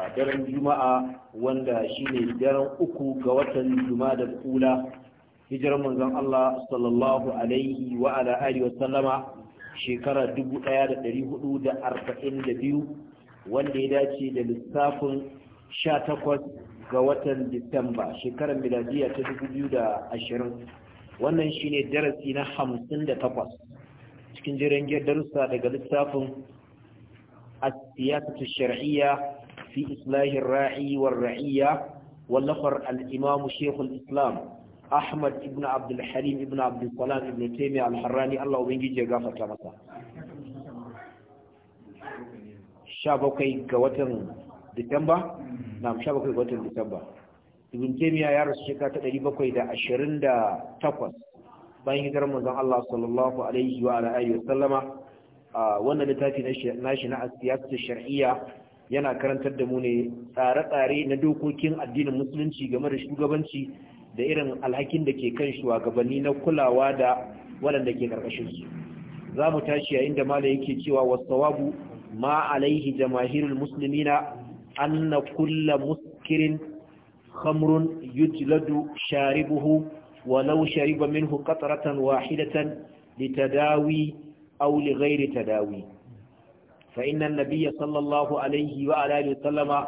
a daren juma'a wanda shine daren uku ga watan juma'a da kula hijirar manzon Allah sallallahu alaihi wa ala alihi wa sallama shekara 1442 wanda ya dace da lissafin 18 ga watan Disamba shekarar miladiya ta 2020 wannan shine darasi na 58 cikin jiran darussa daga lissafin السياسة الشرعية في إصلاح الراعي والرعية والنفر الإمام شيخ الإسلام أحمد ابن عبد الحليم ابن عبد السلام ابن تيمية الحراني الله وبنجي جغافة كمسا شابكي قوتن ديسمبر نعم شابكي قوتن ديسمبر ibn taymiya ya rasu shekara ta 728 bayan hijirar manzon Allah sallallahu alaihi wa alihi wasallama wannan littafi na shi na asiyasa shar'iyya yana karantar da mu ne tsare-tsare na dokokin addinin musulunci game da shugabanci da irin alhakin da ke kan shugabanni na kulawa da waɗanda ke ƙarƙashin su za mu tashi yayin da mala yake cewa wasawabu ma alaihi jamahirul an na kulla muskirin khamrun yujladu sharibuhu walau shariba minhu qatratan wahidatan litadawi aw ghairi tadawi فإن النبي صلى الله عليه وعلى وسلم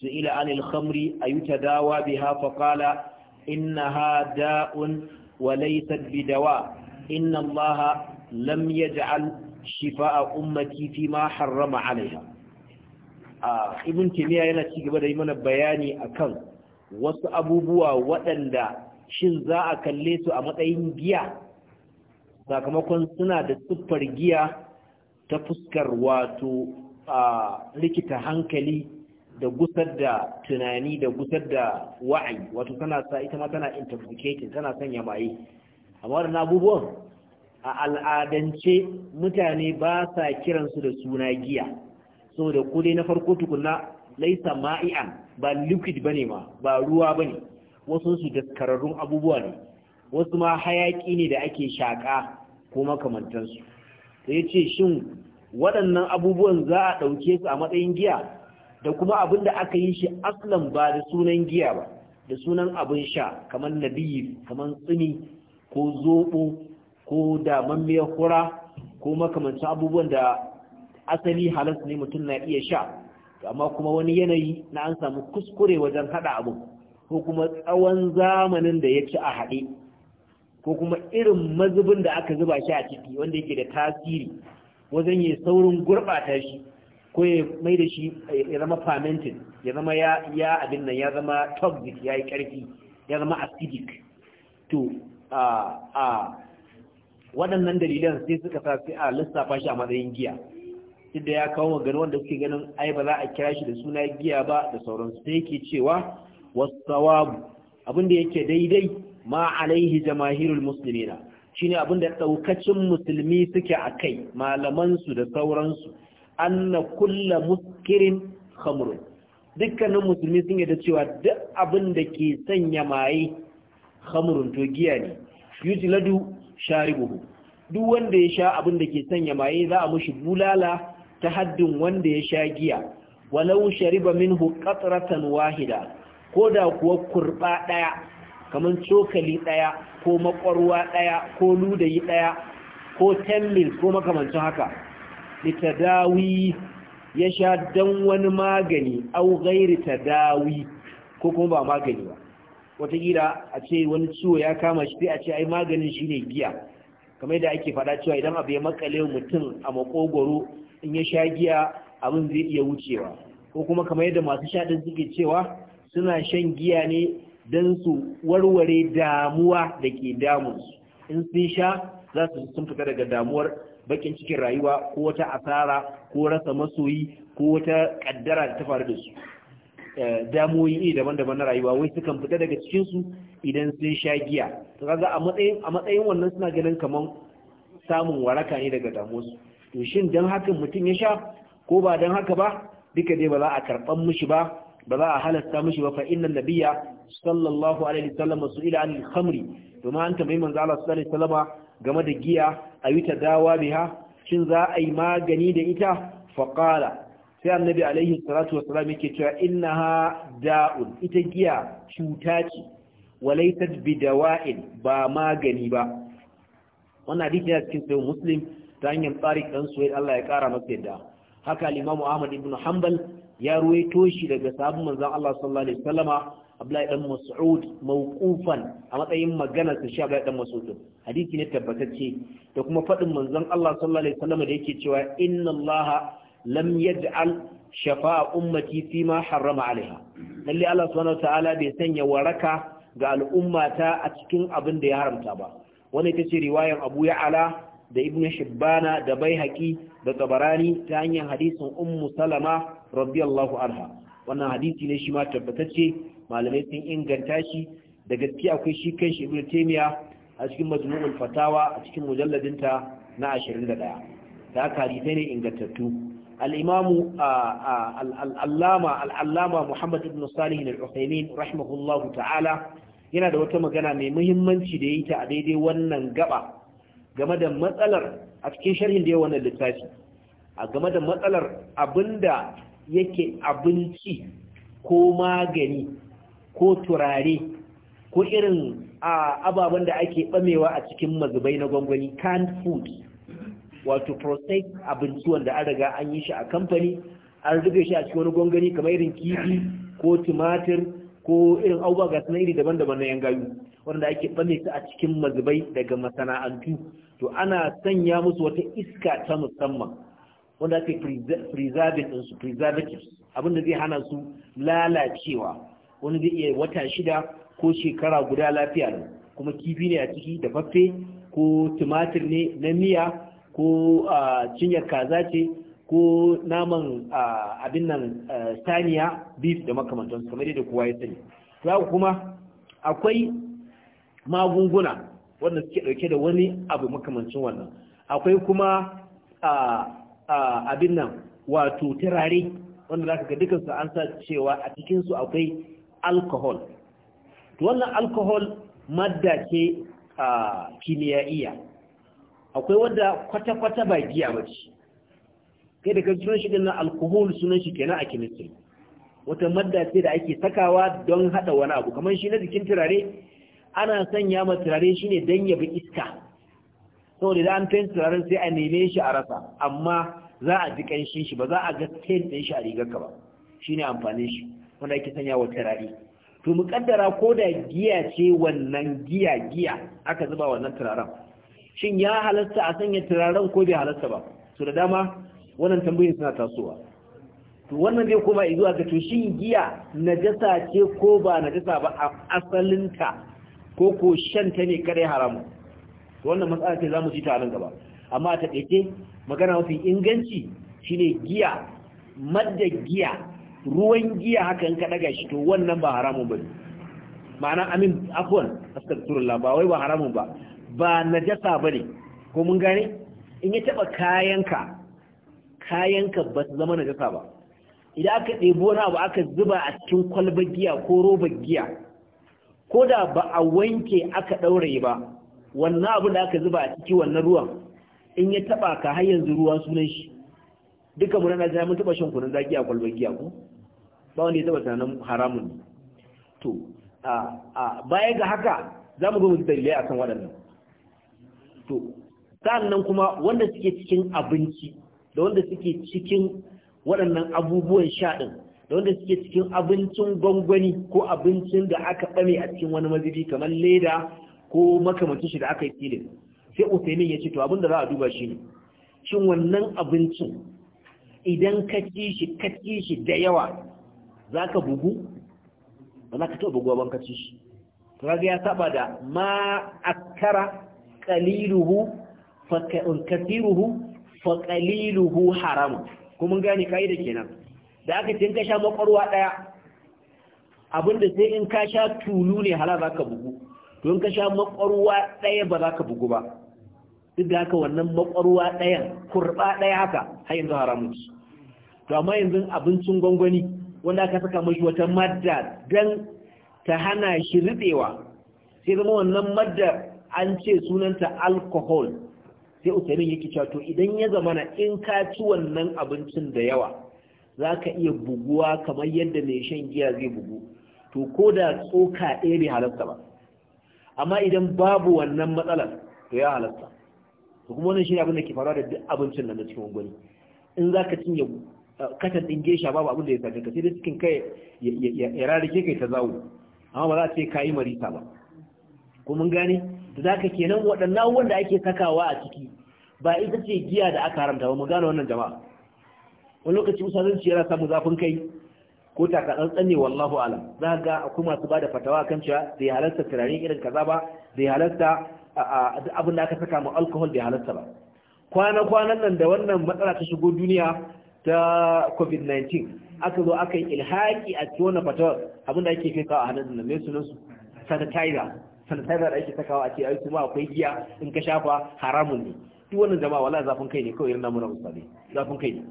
سئل عن الخمر أيتداوى بها فقال إنها داء وليست بدواء إن الله لم يجعل شفاء أمتي فيما حرم عليها آه. ابن تيمية yana ci gaba da yi mana bayani akan wasu abubuwa waɗanda shin za a kalle su a matsayin giya sakamakon suna da siffar giya ta fuskar wato a likita hankali da gusar da tunani da gusar da wa'ayi wato tana sa ita ma tana intoxicating tana sanya maye amma da abubuwan a al'adance mutane ba sa kiransu da suna giya saboda ko dai na farko tukuna laisa ma'i'an ba liquid bane ma ba ruwa bane wasu su daskararrun abubuwa ne wasu ma hayaki ne da ake shaka ko makamantansu sai ce shin waɗannan abubuwan za a ɗauke su a matsayin giya da kuma abin da aka yi shi aslan ba da sunan giya ba da sunan abin sha kamar nabiyi kamar tsini ko zoɓo ko da damammiyar hura ko makamancin abubuwan da asali halas ne mutum na iya sha amma kuma wani yanayi na an samu kuskure wajen haɗa abu ko kuma tsawon zamanin da ya ci a haɗe ko kuma irin mazubin da aka zuba shi a ciki wanda yake da tasiri wajen ya saurin gurɓata shi ko ya mai da shi ya zama fermented ya zama ya abin nan ya zama toxic ya yi ƙarfi ya zama acidic to a waɗannan dalilan sai suka sa sai a lissafa shi a matsayin giya duk ya kawo magana wanda suke ganin ai ba za a kira shi da suna giya ba da sauransu sai yake cewa wasu abin da yake daidai ma alaihi jamahirul muslimina shine abinda ɗaukacin musulmi suke a malaman su da sauransu na kullu muskirin khamrun dukkanin musulmi sun da cewa duk da ke sanya maye khamrun to giya ne yujladu sharibuhu duk wanda ya sha abinda ke sanya maye za a mushi bulala ta haddin wanda ya sha giya walau shariba minhu qatratan wahida Ko da kuwa kurba ɗaya. kamar cokali ɗaya ko makwarwa ɗaya ko ludayi ɗaya ko 10 ko makamancin haka dawi ya sha don wani magani au gairi tadawi ko kuma ba magani ba watakila a ce wani ciwo ya kama shi sai a ce ai maganin shi ne giya kamar da ake faɗa cewa idan abu ya makale mutum a makogoro in ya sha giya abin zai iya wucewa ko kuma kamar yadda masu sha din suke cewa suna shan giya ne Dan su warware damuwa da ke damunsu in sun sha za su sun fita daga damuwar bakin cikin rayuwa ko wata asara ko rasa masoyi ko wata kaddara da ta faru da su eh, damuwoyi ne daban-daban na rayuwa wai sukan fita daga cikin su idan sun sha giya to kaga a matsayin a matsayin wannan suna ganin kaman samun waraka ne daga damuwarsu to shin dan hakan mutum ya sha ko ba dan haka ba duka dai ba za a karban mishi ba ba za a halasta mishi ba fa inna nabiyya sallallahu alaihi wasallam su'ila anil khamri domin an tambayi manzo Allah sallallahu alaihi wasallama game da giya A ayuta dawa biha shin za a yi magani da ita fa sai annabi alaihi salatu wasallam yake cewa ha da'un ita giya cuta ce bi dawa'in ba magani ba wannan hadisi yana cikin sahih muslim ta hanyar tsarik dan suwaid Allah ya kara masa yadda haka Limamu imamu Ahmad ibn Hanbal ya ruwaito shi daga sabon manzon Allah sallallahu alaihi wasallama Abdullahi dan Mas'ud mawqufan a matsayin maganar sa shi Abdullahi dan Mas'ud hadisi ne tabbatacce da kuma faɗin manzon Allah sallallahu alaihi wasallama da yake cewa inna Allah lam yaj'al shafa'a ummati fi ma harrama alaiha lalle Allah subhanahu wataala bai sanya waraka ga al'ummata a cikin abin da ya haramta ba wani ita ce riwayan Abu Ya'ala da Ibn Shibbana da Baihaqi da tabarani ta hanyar hadisin ummu salama radiyallahu anha wannan hadisi ne shima ma malamai sun inganta shi da gaske akwai shi kan shi ibnu taymiya a cikin majmu'ul fatawa a cikin mujalladinta na ashirin da haka hadisai ne ingantattu al-imamu al-allama al muhammad ibn salih al-uthaymin rahimahullahu ta'ala yana da wata magana mai muhimmanci da ya yi ta a daidai wannan gaba game da matsalar a cikin sharhin da ya wannan littafi a game da matsalar abinda yake abinci ko magani ko turare ko irin ababen da ake bamewa a cikin mazubai na gwangwani canned food wato process abinci wanda an riga an yi shi a kamfani an riga shi a cikin wani gwangwani kamar irin kifi ko tumatir ko irin abubuwa ga iri daban-daban na yan gayu wanda ake bame su a cikin mazubai daga masana'antu to ana sanya musu wata iska ta musamman wanda ake preserving din su preservatives abinda zai hana su lalacewa wani zai iya wata shida ko shekara guda lafiya ne kuma kifi ne a ciki da faffe ko tumatir ne na miya ko cinyar kaza ce ko naman abin nan saniya beef da makamantansu kamar da kowa ya sani za kuma akwai magunguna wanda suke ɗauke da wani abu makamancin wannan akwai kuma abin nan wato turare wanda za ka ga dukansu an sa cewa a cikinsu akwai alkohol. to wannan alkohol madda ce kimiyya akwai wadda kwata-kwata ba giya ba ce kai da kan sunan shi din nan sunan shi kenan a chemistry wata madda ce da ake sakawa don haɗa wani abu kamar shi na jikin turare ana sanya ma turare shi ne don yabi iska saboda da an fahimta turaren sai a neme shi a rasa amma za a ji ƙanshin shi ba za a ga stain ɗin shi a rigar ka ba shi ne amfanin shi wanda ake sanya wa turare to muƙaddara ko da giya ce wannan giya giya aka zuba wannan turaren shin ya halatta a sanya turaren ko bai halatta ba To da dama wannan tambayin suna tasowa to wannan zai koma zuwa ga to shin giya najasa ce ko ba najasa ba a asalinta ko ko shan ta ne kare haramu wannan matsala ce za mu ji ta nan gaba amma ta magana mafi inganci shine giya madda giya ruwan giya haka in ka daga shi to wannan ba haramun ba ma'ana amin afwan astaghfirullah ba wai ba haramun ba ba najasa bane ko mun gane in ya taba kayanka kayanka ba su zama najasa ba idan aka ɗebo na ba aka zuba a cikin kwalbar giya ko robar giya ko da ba a wanke aka ɗaure ba wannan abu da aka zuba a ciki wannan ruwan in ya taɓa ka har yanzu ruwan sunan shi duka mu na mun taɓa shan kunun zaki a kwalbar giya ko ba wanda ya taɓa tunanin haramun a a baya ga haka za mu zo mu a kan waɗannan to sa'annan kuma wanda suke cikin abinci da wanda suke cikin waɗannan abubuwan sha ɗin da wanda suke cikin abincin gwangwani ko abincin da aka tsame a cikin wani mazibi kamar leda ko makamacin shi da aka yi filin sai usaimin ya ce to abin za a duba shi ne shin wannan abincin idan ka ci ka ci da yawa za ka bugu ba za ka taɓa buguwa ban ka ci shi to ya saba da ma akara qaliluhu fa kasiruhu fa qaliluhu haram kuma gane kaida kenan da aka ce in ka sha makwarwa ɗaya abinda sai in ka sha tulu ne hala za ka bugu to in ka sha makwarwa ɗaya ba za ka bugu ba duk da haka wannan makwarwa ɗayan kurɓa ɗaya haka har yanzu haramun su. to amma yanzu abincin gwangwani wanda aka saka mashi wata madda don ta hana shi riɗewa sai zama wannan madda an ce sunanta alcohol sai usamin yake cewa to idan ya zamana in ka ci wannan abincin da yawa za ka iya buguwa kamar yadda mai shan giya zai bugu to ko da tsoka ɗaya bai halarta ba amma idan babu wannan matsalar to ya halarta to kuma wannan shine abin da ke faruwa da duk abincin nan da cikin gwani in za ka cinye eh, katan ɗin gesha babu abin da ya sake ka sai da cikin kai ya rarrake kai ta zawo amma ba za a ce ka yi marisa ba ko mun gane da za ka kenan waɗannan wanda ake sakawa a ciki ba ita ce giya da aka haramta ba mu gane wannan jama'a wani lokaci musulunci yana samun zafin kai ko kaɗan ne wallahu alam za ga akwai masu ba da fatawa kan cewa zai halarta turare irin kaza ba Zai halarta abin da aka saka mu alkohol bai halarta ba kwana-kwanan nan da wannan matsala ta shigo duniya ta covid-19 aka zo aka yi ilhaki a cikin wannan fatawa abin da ake kai kawo a hannun nan mai sunansu sanitizer sanitizer da ake sakawa a ce ai kuma akwai giya in ka shafa haramun ne duk wannan jama'a wala zafin kai ne kawai irin namu na zafin kai ne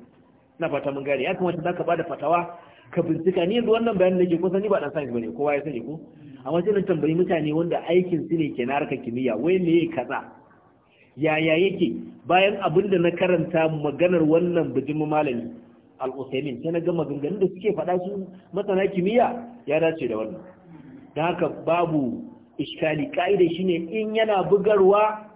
na fata mun gane ya kamata za ka bada fatawa ka bincika ni yanzu wannan bayanin da ke kusa ni ba dan science bane kowa ya sani ko amma sai nan tambayi mutane wanda aikin su ne ke na harkar kimiyya wai me kaza yaya yake bayan abin da na karanta maganar wannan bijimin malami al-Usaimin sai na ga maganganun da suke faɗa su masana kimiyya ya dace da wannan don haka babu iskali ka'idar shine in yana bugarwa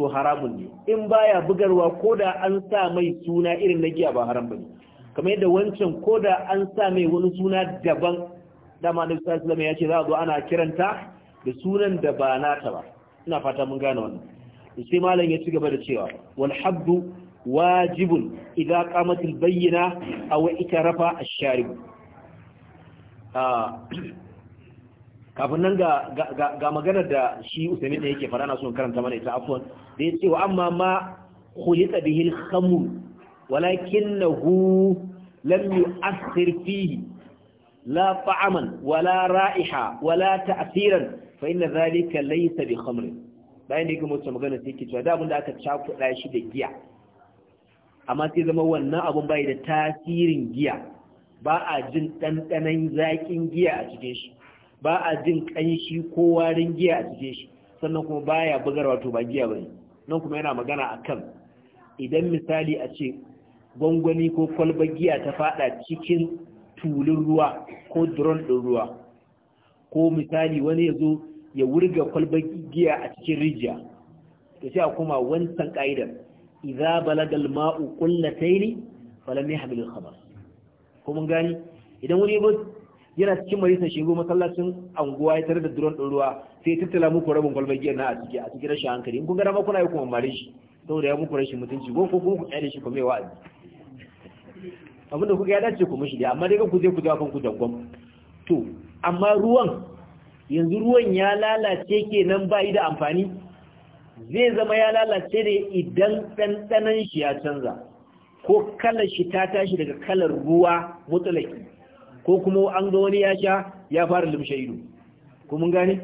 to haramun ne in baya bugarwa ko da an sa mai suna irin na giya ba haram bane kamar yadda wancan ko da an sa mai wani suna daban dama Nabi sallallahu alaihi ya ce za a zo ana kiranta da sunan da ba nata ba ina fata mun gane wannan sai malam ya ci gaba da cewa wal habdu wajibun idza qamatil bayyina aw itarafa ash-sharib ah, kafin nan ga maganar da shi usaimi ɗaya yake fara na son karanta mana ita afwan da ya ce wa amma ma khuliqa bihi al walakin walakinahu lam yu'athir fihi la ta'aman wala ra'iha wala ta'thiran fa inna dhalika laysa bi khamr bayan da yake mutum magana sai ke cewa da da aka cakuɗa shi da giya amma sai zama wannan abun bai da tasirin giya ba a jin ɗanɗanan zaƙin giya a cikin shi ba a jin ƙanshi ko warin giya a cikin shi sannan kuma baya bugar wato ba giya bane nan kuma yana magana akan idan misali a ce gwangwani ko kwalba giya ta fada cikin tulun ruwa ko duron ɗin ruwa ko misali wani ya zo ya wurga kwalba giya a cikin rijiya to sai a kuma wancan ka'idar idza balagal ma'u qullataini falam yahmil al-khabar ko mun gani idan wani ya yana cikin majalisar goma masallacin anguwa ya tare da duron ɗin ruwa sai ya tattala muku rabin kwalbar giyar na a ciki a cikin rashin hankali in kun ga dama kuna yi kuma mare shi saboda ya muku rashin mutunci ko kuma ku tsare shi kuma mai wa'azi abin da kuka ya dace ku mishi amma dai ku je ku jawo kanku jangon to amma ruwan yanzu ruwan ya lalace kenan ba yi da amfani zai zama ya lalace ne idan ɗanɗanan shi ya canza ko kalar shi ta tashi daga kalar ruwa matsalaki. ko kuma an ga wani ya sha ya fara limshe ido ko mun gane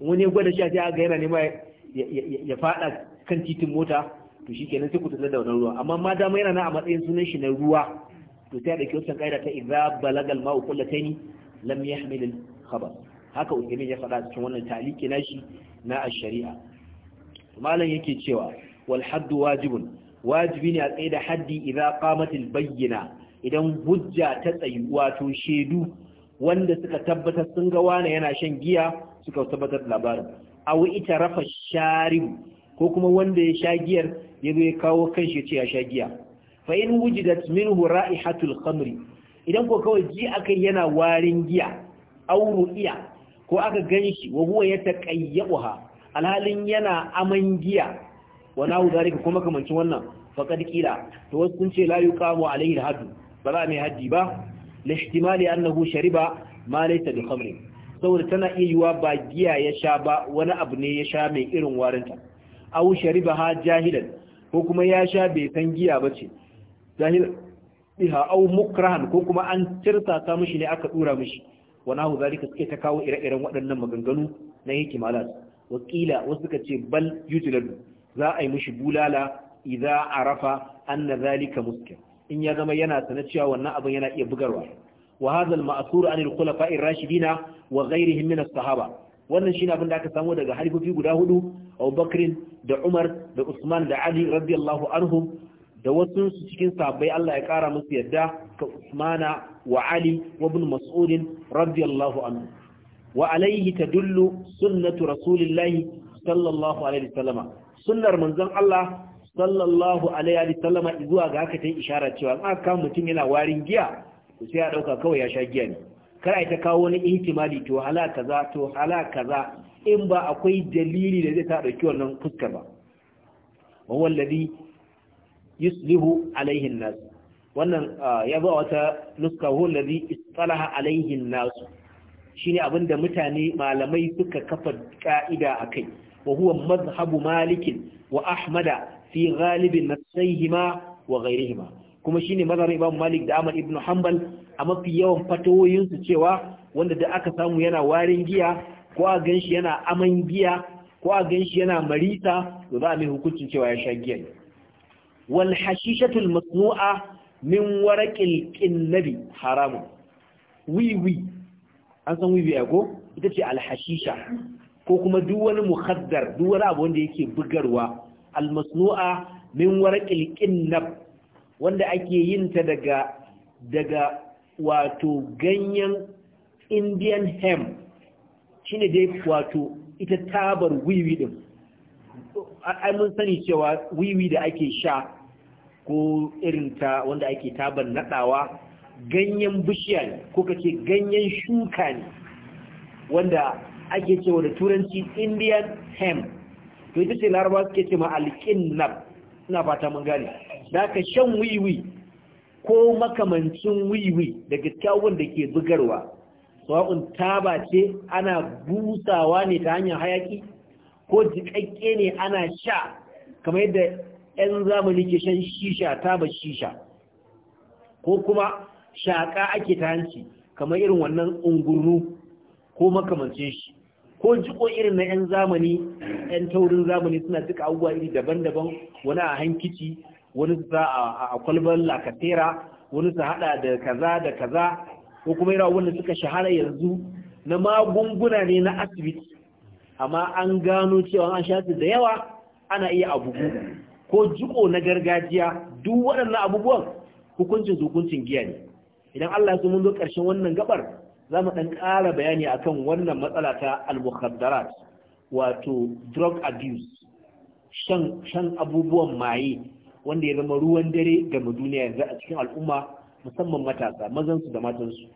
wani ya gwada sha sai aga yana nema ya fada kan titin mota to shikenan sai ku tsada da wannan ruwa amma ma dama yana na a matsayin sunan shi na ruwa to sai da ke wancan kaida ta idza balagal ma'u kullataini lam yahmil al khabar haka uthaymin ya faɗa cikin wannan taliki nashi na ash-shari'a malam yake cewa wal wajibin. wajibun wajibi ne a tsaye da haddi idza qamatil bayyina idan hujja ta tsayi wato shaidu wanda suka tabbatar sun ga wane yana shan giya suka tabbatar da labarin aw ita rafa sharib ko kuma wanda ya sha giyar ya zo ya kawo kanshi ce ya sha giya fa in wujidat minhu ra'ihatul khamri idan ko kawai ji akai yana warin giya auru iya. ko aka ganshi wa huwa yataqayyaha alhalin yana aman giya wa nahu kuma kamancin wannan faqad qila to wasu sun ce la yuqamu alaihi hadu ba za mai haddi ba lihtimali annahu shariba ma laysa bi khamrin saboda tana iya yiwa ba giya ya sha ba wani abu ne ya sha mai irin warinta Au shariba ha jahilan ko kuma ya sha bai san giya ba ce jahil biha aw mukrahan ko kuma an tirsasa mishi ne aka dura mishi wana hu zalika suke ta kawo ire-iren waɗannan maganganu na hikimalat wakila wasu suka ce bal yujladu za a yi mishi bulala idza arafa anna zalika muskil in ya zama yana sana cewa wannan abin yana iya bugarwa wa hadhal ma'thur anil khulafa'ir rashidina wa ghayrihim min as-sahaba wannan shine abin da aka samu daga halifofi guda hudu Abu Bakr da Umar da Usman da Ali radiyallahu anhum da wasu su cikin sahabbai Allah ya kara musu yadda ka Usmana wa Ali wa Ibn Mas'ud radiyallahu anhu wa alayhi tadullu sunnatu rasulillahi sallallahu alaihi wasallama sunnar manzon Allah sallallahu alaihi wa sallama zuwa ga haka ta isharar cewa an aka mutum yana warin giya to sai ya dauka kawai ya sha giya ne kar a ta kawo wani ihtimali to hala kaza to hala kaza in ba akwai dalili da zai ta dauki wannan fuskar ba wa wallazi yuslihu alaihi nas wannan ya ba wata nuska huwa allazi istalaha alaihi nas shine abinda mutane malamai suka kafa ka'ida akai wa huwa madhhabu malikin wa ahmada fi na nafsaihima wa ghairihima kuma shine mazhar Imam Malik da Ahmad ibn Hanbal a mafi yawan fatawoyin su cewa wanda da aka samu yana warin giya ko a ganshi yana aman giya ko a ganshi yana marita to za a mai hukuncin cewa ya sha giya wal hashishatul masnu'a min waraqil qinnabi haramun wiwi an san wi ko ita ce al hashisha ko kuma duk wani muhaddar duk wani abu wanda yake bugarwa almasnu'a min warqil qinnab wanda ake yin ta daga daga wato ganyen indian hemp shine dai wato ita tabar wiwi din ai mun sani cewa wiwi da ake sha ko irin ta wanda ake tabar nadawa ganyen bishiya ne ko kace ganyen shuka ne wanda ake cewa da turanci indian hemp to ita ce larabawa suke ce ma ina fata mun gane da aka shan wiwi ko makamancin wiwi daga kyawun da ke bugarwa sawa'un taba ce ana busawa ne ta hanyar hayaki ko jiƙaƙƙe ne ana sha kamar yadda 'yan zamani ke shan shisha taba shisha ko kuma shaƙa ake ta hanci kamar irin wannan ungurnu ko makamancin shi ko jiko irin na 'yan zamani 'yan taurin zamani suna duka abubuwa iri daban-daban wani a hankici wani su sa a kwalbar lakatera wani su hada da kaza da kaza ko kuma yana wani suka shahara yanzu na magunguna ne na asibiti amma an gano cewa an sha da yawa ana iya abubu ko jiko na gargajiya duk waɗannan abubuwan hukuncin hukuncin giya ne idan Allah ya mun zo ƙarshen wannan gabar za mu ɗan ƙara bayani a kan wannan matsala ta al wato drug abuse shan abubuwan maye wanda ya zama ruwan dare ga duniya yanzu a cikin al'umma musamman matasa mazansu da matansu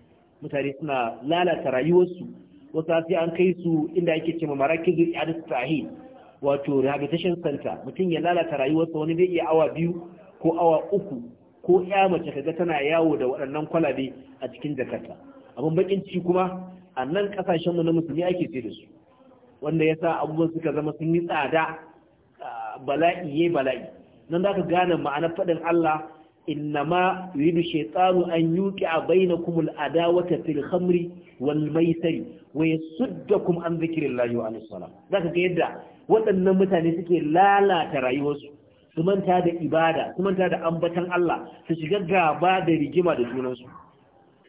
mutane suna lalata rayuwarsu wasu sai an kai su inda ake cewa marakizu i'adat tahi, wato rehabilitation center mutum ya lalata rayuwarsa wani zai iya awa biyu ko awa uku ko ya mace kaga tana yawo da waɗannan kwalabe a cikin jakarta abin bakin ciki kuma a nan kasashen mu na musulmi ake sai da su wanda yasa abubuwan suka zama sun yi tsada bala'i ya bala'i nan zaka gane ma'anar faɗin Allah innama yuridu shaytanu an yuqi'a bainakum al-adawata fil khamri wal maisari wa yasuddakum an dhikrillahi wa anis salam ka ga yadda waɗannan mutane suke lalata rayuwarsu su manta da ibada su manta da ambatan Allah su shiga gaba da rigima da junansu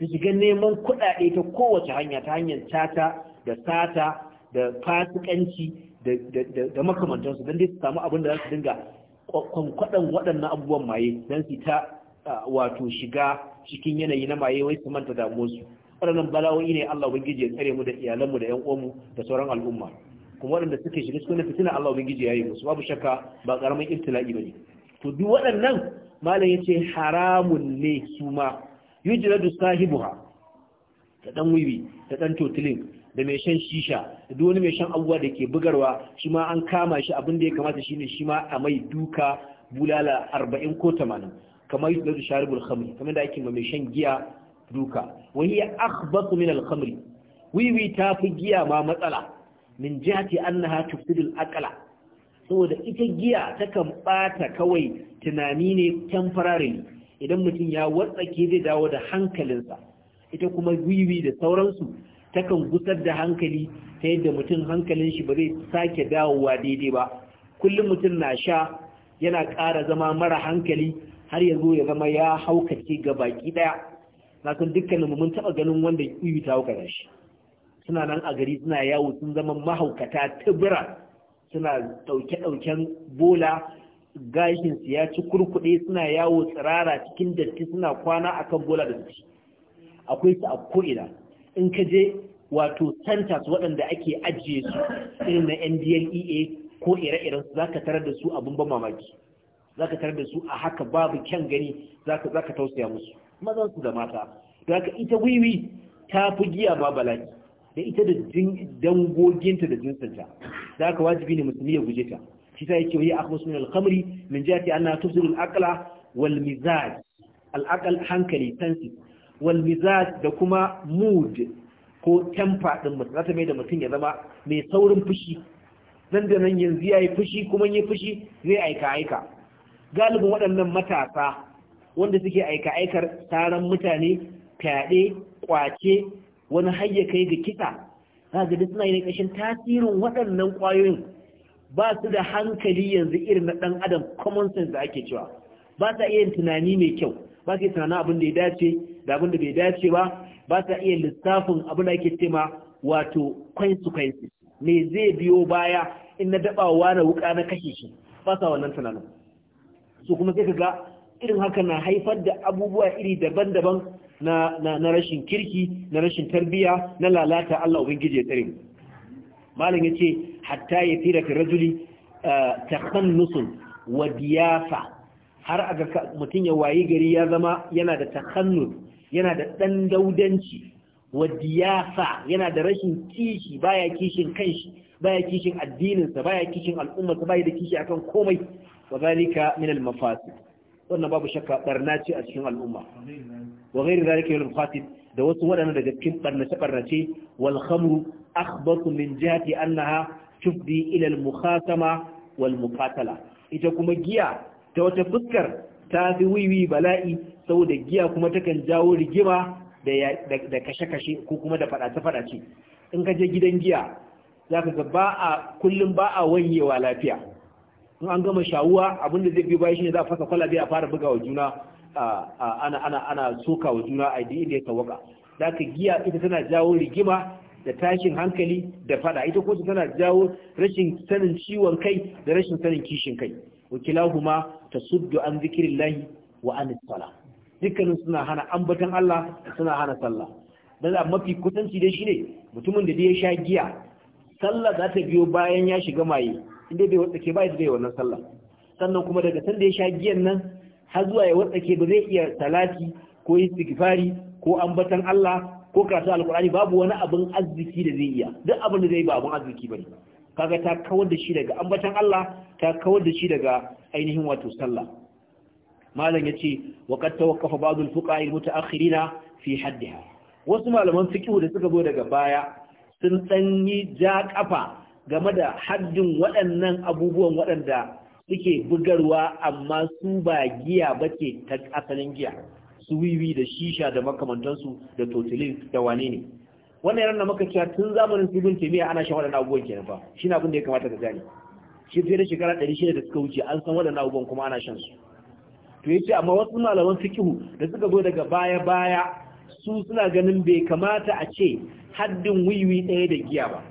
su shiga neman kuɗaɗe ta kowace hanya ta hanyar tata da sata da fasikanci da makamantansu don dai su samu abin da za su dinga kwankwaɗan waɗannan abubuwan maye don su ta wato shiga cikin yanayi na maye wai su manta damuwarsu waɗannan bala'o'i ne Allah ubangiji ya tsare mu da iyalanmu da 'yan uwanmu da sauran al'umma kuma waɗanda suke shiga cikin fitina Allah ubangiji ya yi musu babu shakka ba karamin ba ne. to duk waɗannan malam ya ce haramun ne su ma yujradu sahibuha da dan wiwi da dan totilin da mai shan shisha da duk wani mai shan abuwa da ke bugarwa shi ma an kama shi abinda ya kamata shine shi ma a mai duka bulala 40 ko 80 kamar yujradu sharibul khamri kamar da ake mai shan giya duka wani ya akhbatu min al khamri wiwi ta fi giya ma matsala min jihati annaha tufsidul aqla saboda ita giya takan bata kawai tunani ne temporary idan mutum ya watsake zai dawo da hankalinsa ita kuma wiwi da sauransu takan gusar da hankali ta yadda mutum hankalin shi ba zai sake dawowa daidai ba kullum mutum na sha yana ƙara zama mara hankali har ya zo ya zama ya haukace ga baki ɗaya na san dukkanin mun taɓa ganin wanda wiwi ta haukata shi suna nan a gari suna yawo sun zama mahaukata tubura suna ɗauke-ɗauken bola gashinsu ya ci kurkuɗe suna yawo tsirara cikin datti suna kwana a kan bola da datti akwai su a ko'ina in ka je wato centers waɗanda ake ajiye su irin na ndlea ko ire-iren su zaka tarar da su abin ban mamaki zaka tarar da su a haka babu kyan gani zaka zaka tausaya musu mazan su da mata don haka ita wiwi ta fi giya ma bala'i da ita da dangoginta da jinsinta zaka wajibi ne musulmi ya guje ta shi yake wani akwai sunan min jati ana tufzirul akala wal mizaj al'akal hankali tansi wal da kuma mood ko temper din mutum zata mai da mutum ya zama mai saurin fushi nan da nan yanzu ya yi fushi kuma yi fushi zai aika aika galibin waɗannan matasa wanda suke aika aikar taron mutane fyaɗe kwace wani hayyaka kai ga kisa za ga suna yin ƙashin tasirin waɗannan ƙwayoyin ba su da hankali yanzu irin na ɗan adam common sense da ake cewa ba sa iya tunani mai kyau ba sa iya tunanin abin da ya dace da abin da bai dace ba ba sa iya lissafin abin da ake tema wato kwaisu me zai biyo baya in na dabawa na wuka na kashe shi ba sa wannan tunanin so kuma sai ga irin haka na haifar da abubuwa iri daban-daban na, rashin kirki na rashin tarbiyya, na lalata Allah ubangiji ya tsare mu malam ce. hatta ya fira fi rajuli eh, takhannusun wa diyafa har aga mutum ya wayi gari ya zama yana da takhannus yana da ɗan daudanci wa diyafa yana da rashin kishi baya kishin kanshi baya kishin addininsa baya kishin al'ummarsa baya da kishi akan komai wa zalika min al-mafasid wannan babu shakka barna ce a cikin al'umma wa ghairi zalika min al-mafasid da wasu waɗannan daga cikin barnace barnace wal khamru akhbatu min jihati annaha tufdi ilal al-mukhasama wal muqatala ita kuma giya ta wata fuskar ta fi wiwi bala'i saboda giya kuma takan jawo rigima da kashe-kashe ko kuma da fadace-fadace in ka je gidan giya za ka ga ba a kullum ba a wanyewa lafiya in an gama shawuwa abinda zai fi bayan shi ne za a fasa kwalabe a fara bugawa juna ana ana ana soka wa juna a inda ya tawaka za ka giya ita tana jawo rigima da tashin hankali da fada ita kotu tana jawo rashin sanin ciwon kai da rashin sanin kishin kai wakilahuma tasuddu an zikirillahi wa an sala dukkanin suna hana ambatan Allah suna hana sallah dan mafi kusanci dai shine mutumin da ya sha giya sallah za ta biyo bayan ya shiga maye inda bai wata ke bai da wannan sallah sannan kuma daga san da ya sha giyan nan har zuwa ya wata ke ba zai iya salati ko istighfari ko ambatan Allah ko karatu alkur'ani babu wani abin arziki da zai iya duk abin da zai ba abin arziki bane kaga ta kawar da shi daga ambatan Allah ta kawar da shi daga ainihin wato sallah malam yace wa qad tawaqqafa ba'd al-fuqaha al-muta'akhirina fi haddiha wasu malaman fiqh da suka zo daga baya sun tsanyi ja kafa game da haddin waɗannan abubuwan waɗanda suke bugarwa amma su ba giya bace ta asalin giya su wiwi da shisha da makamantansu da totilin da wane ne wannan yana maka cewa tun zamanin sibin kimiyya ana shan waɗannan abubuwan kenan fa shi na abin da ya kamata ka gane shi fiye da shekara ɗari shida da suka wuce an san waɗannan abubuwan kuma ana shan su to ya ce amma wasu malaman fikihu da suka zo daga baya baya su suna ganin bai kamata a ce haddin wiwi ɗaya da giya ba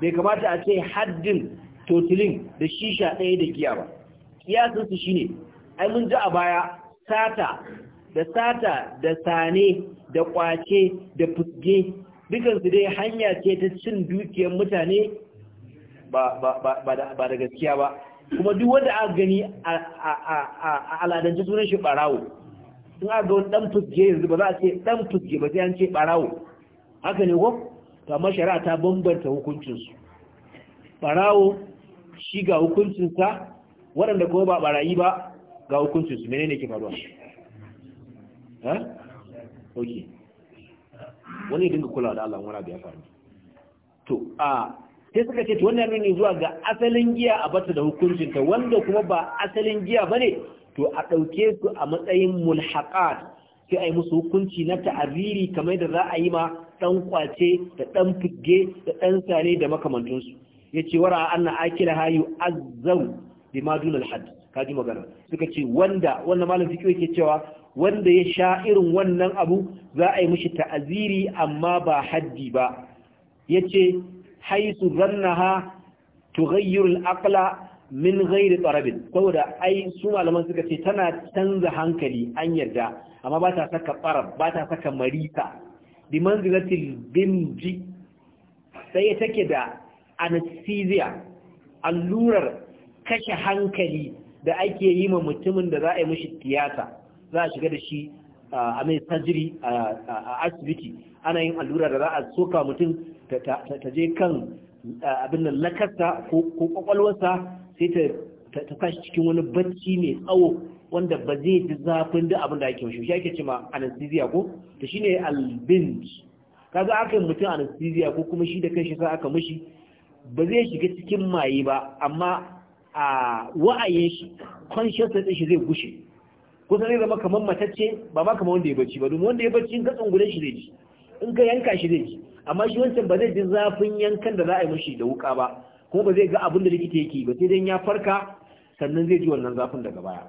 bai kamata a ce haddin totilin da shisha ɗaya da giya ba kiyasinsu shine ai mun ji a baya sata da sata da sane da kwace da fusge dukansu dai hanya ce ta cin dukiyar mutane ba da gaskiya ba kuma duk wanda aka gani a aladance sunan shi barawo sun aka wani dan fusge yanzu ba za a ce dan fusge ba sai an ce barawo haka ne ko amma shari'a ta bambanta hukuncinsu barawo shi ga hukuncinsa waɗanda kuma ba barayi ba ga hukuncinsu menene ke faruwa eh okay wani dinga kula da Allah wani abu ya faru to a sai suka ce wannan rini zuwa ga asalin giya a bata da hukuncinta wanda kuma ba asalin giya ba ne? to a ɗauke su a matsayin mulhaƙar sai a yi musu hukunci na ta'ariri kamar da za a yi ma ɗan kwace da ɗan fige da ɗan sare da makamantunsu, ya ce wara anna akila hayu azzau bi madunal hadd magana suka ce wanda wannan malam yake cewa wanda ya sha irin wannan abu za a yi mushi ta'aziri amma ba haddi ba yace haisu zannaha tughayyirul aqla min ghairi tarabin saboda ai su malaman suka ce tana canza hankali an yarda amma ba ta saka tsarab ba ta saka marita bi manzilatil bimji sai take da anesthesia allurar kashe hankali da ake yi ma mutumin da za a yi mushi tiyata za a shiga da shi a mai sajiri a asibiti ana yin allura da za a soka mutum ta je kan abin nan lakasta ko kwakwalwarsa sai ta tashi cikin wani bacci mai tsawo wanda ba zai ji zafin da abin da ake wasu shi ake cima anesthesia ko to shine ka kaga aka yi mutum anesthesia ko kuma shi da kanshi sa aka mashi ba zai shiga cikin maye ba amma a wa'ayin shi consciousness shi zai gushe kusan zai zama kamar matacce ba ma kamar wanda ya bacci ba domin wanda ya bacci in ka tsungure shi zai ji in ka yanka shi zai ji amma shi wancan ba zai ji zafin yankan da za a yi mashi da wuka ba kuma ba zai ga abin da likita yake ba sai dan ya farka sannan zai ji wannan zafin daga baya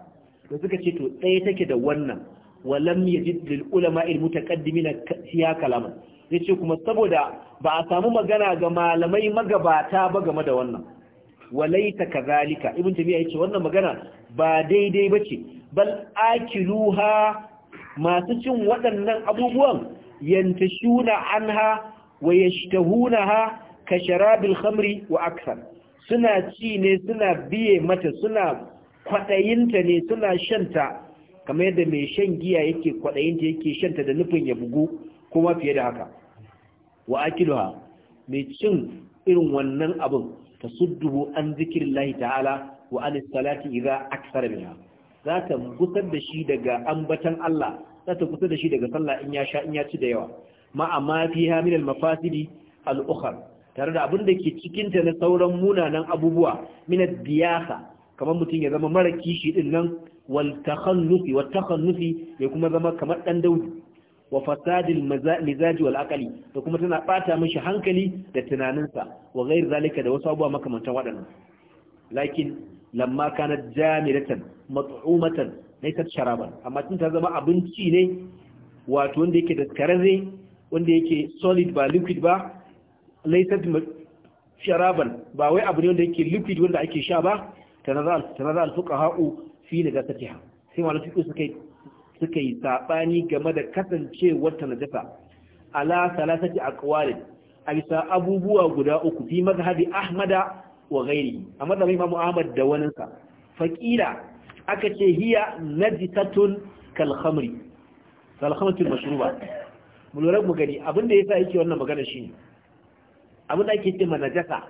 to suka ce to ɗaya take da wannan walam yajid lil ulama al mutaqaddimina siya kalaman yace kuma saboda ba a samu magana ga malamai magabata ba game da wannan walaita kazalika ibn tabi'a yace wannan magana ba daidai bace bal akiluha masu cin waɗannan abubuwan yantashuna ha wa ha ka sharabin khamri wa aksan suna ci ne suna biye mata suna kwaɗayinta ne suna shanta kamar yadda mai shan giya yake kwaɗayinta yake shanta da nufin ya bugu kuma fiye da haka wa akiluha mai cin irin wannan abin ta suddubo an zikirin lahi ta'ala wa an salati aksar aksara minha za ta gusar da shi daga ambatan Allah za ta gusar da shi daga sallah in ya sha in ya ci da yawa ma fi hamil mafasidi al tare da abin da ke cikin ta na sauran munanan abubuwa min biyasa kamar mutum ya zama mara kishi din nan wal takhannufi wat takhannufi ya kuma zama kamar dan daudi wa fasadil wal da kuma tana bata mishi hankali da tunaninsa wa ghair zalika da wasu abubuwa makamantan waɗannan lakin lamma kanat jamilatan mat'umatan laysat sharaban amma tun ta zama abinci ne wato wanda yake daskararre wanda yake solid ba liquid ba laysat sharaban ba wai abu ne wanda yake liquid wanda ake sha ba tanazal tanazal fuqaha'u fi najasatiha sai malamin fiqh suka suka yi sabani game da kasancewar ta najasa ala salasati aqwalin a bisa abubuwa guda uku fi mazhabi ahmada wa gairi a madama imamu ahmad da waninsa faƙila aka ce hiya najitatun kalhamri kalhamtun mashruba mu lura mu gani abinda yasa yake wannan magana shine abinda ake ce najasa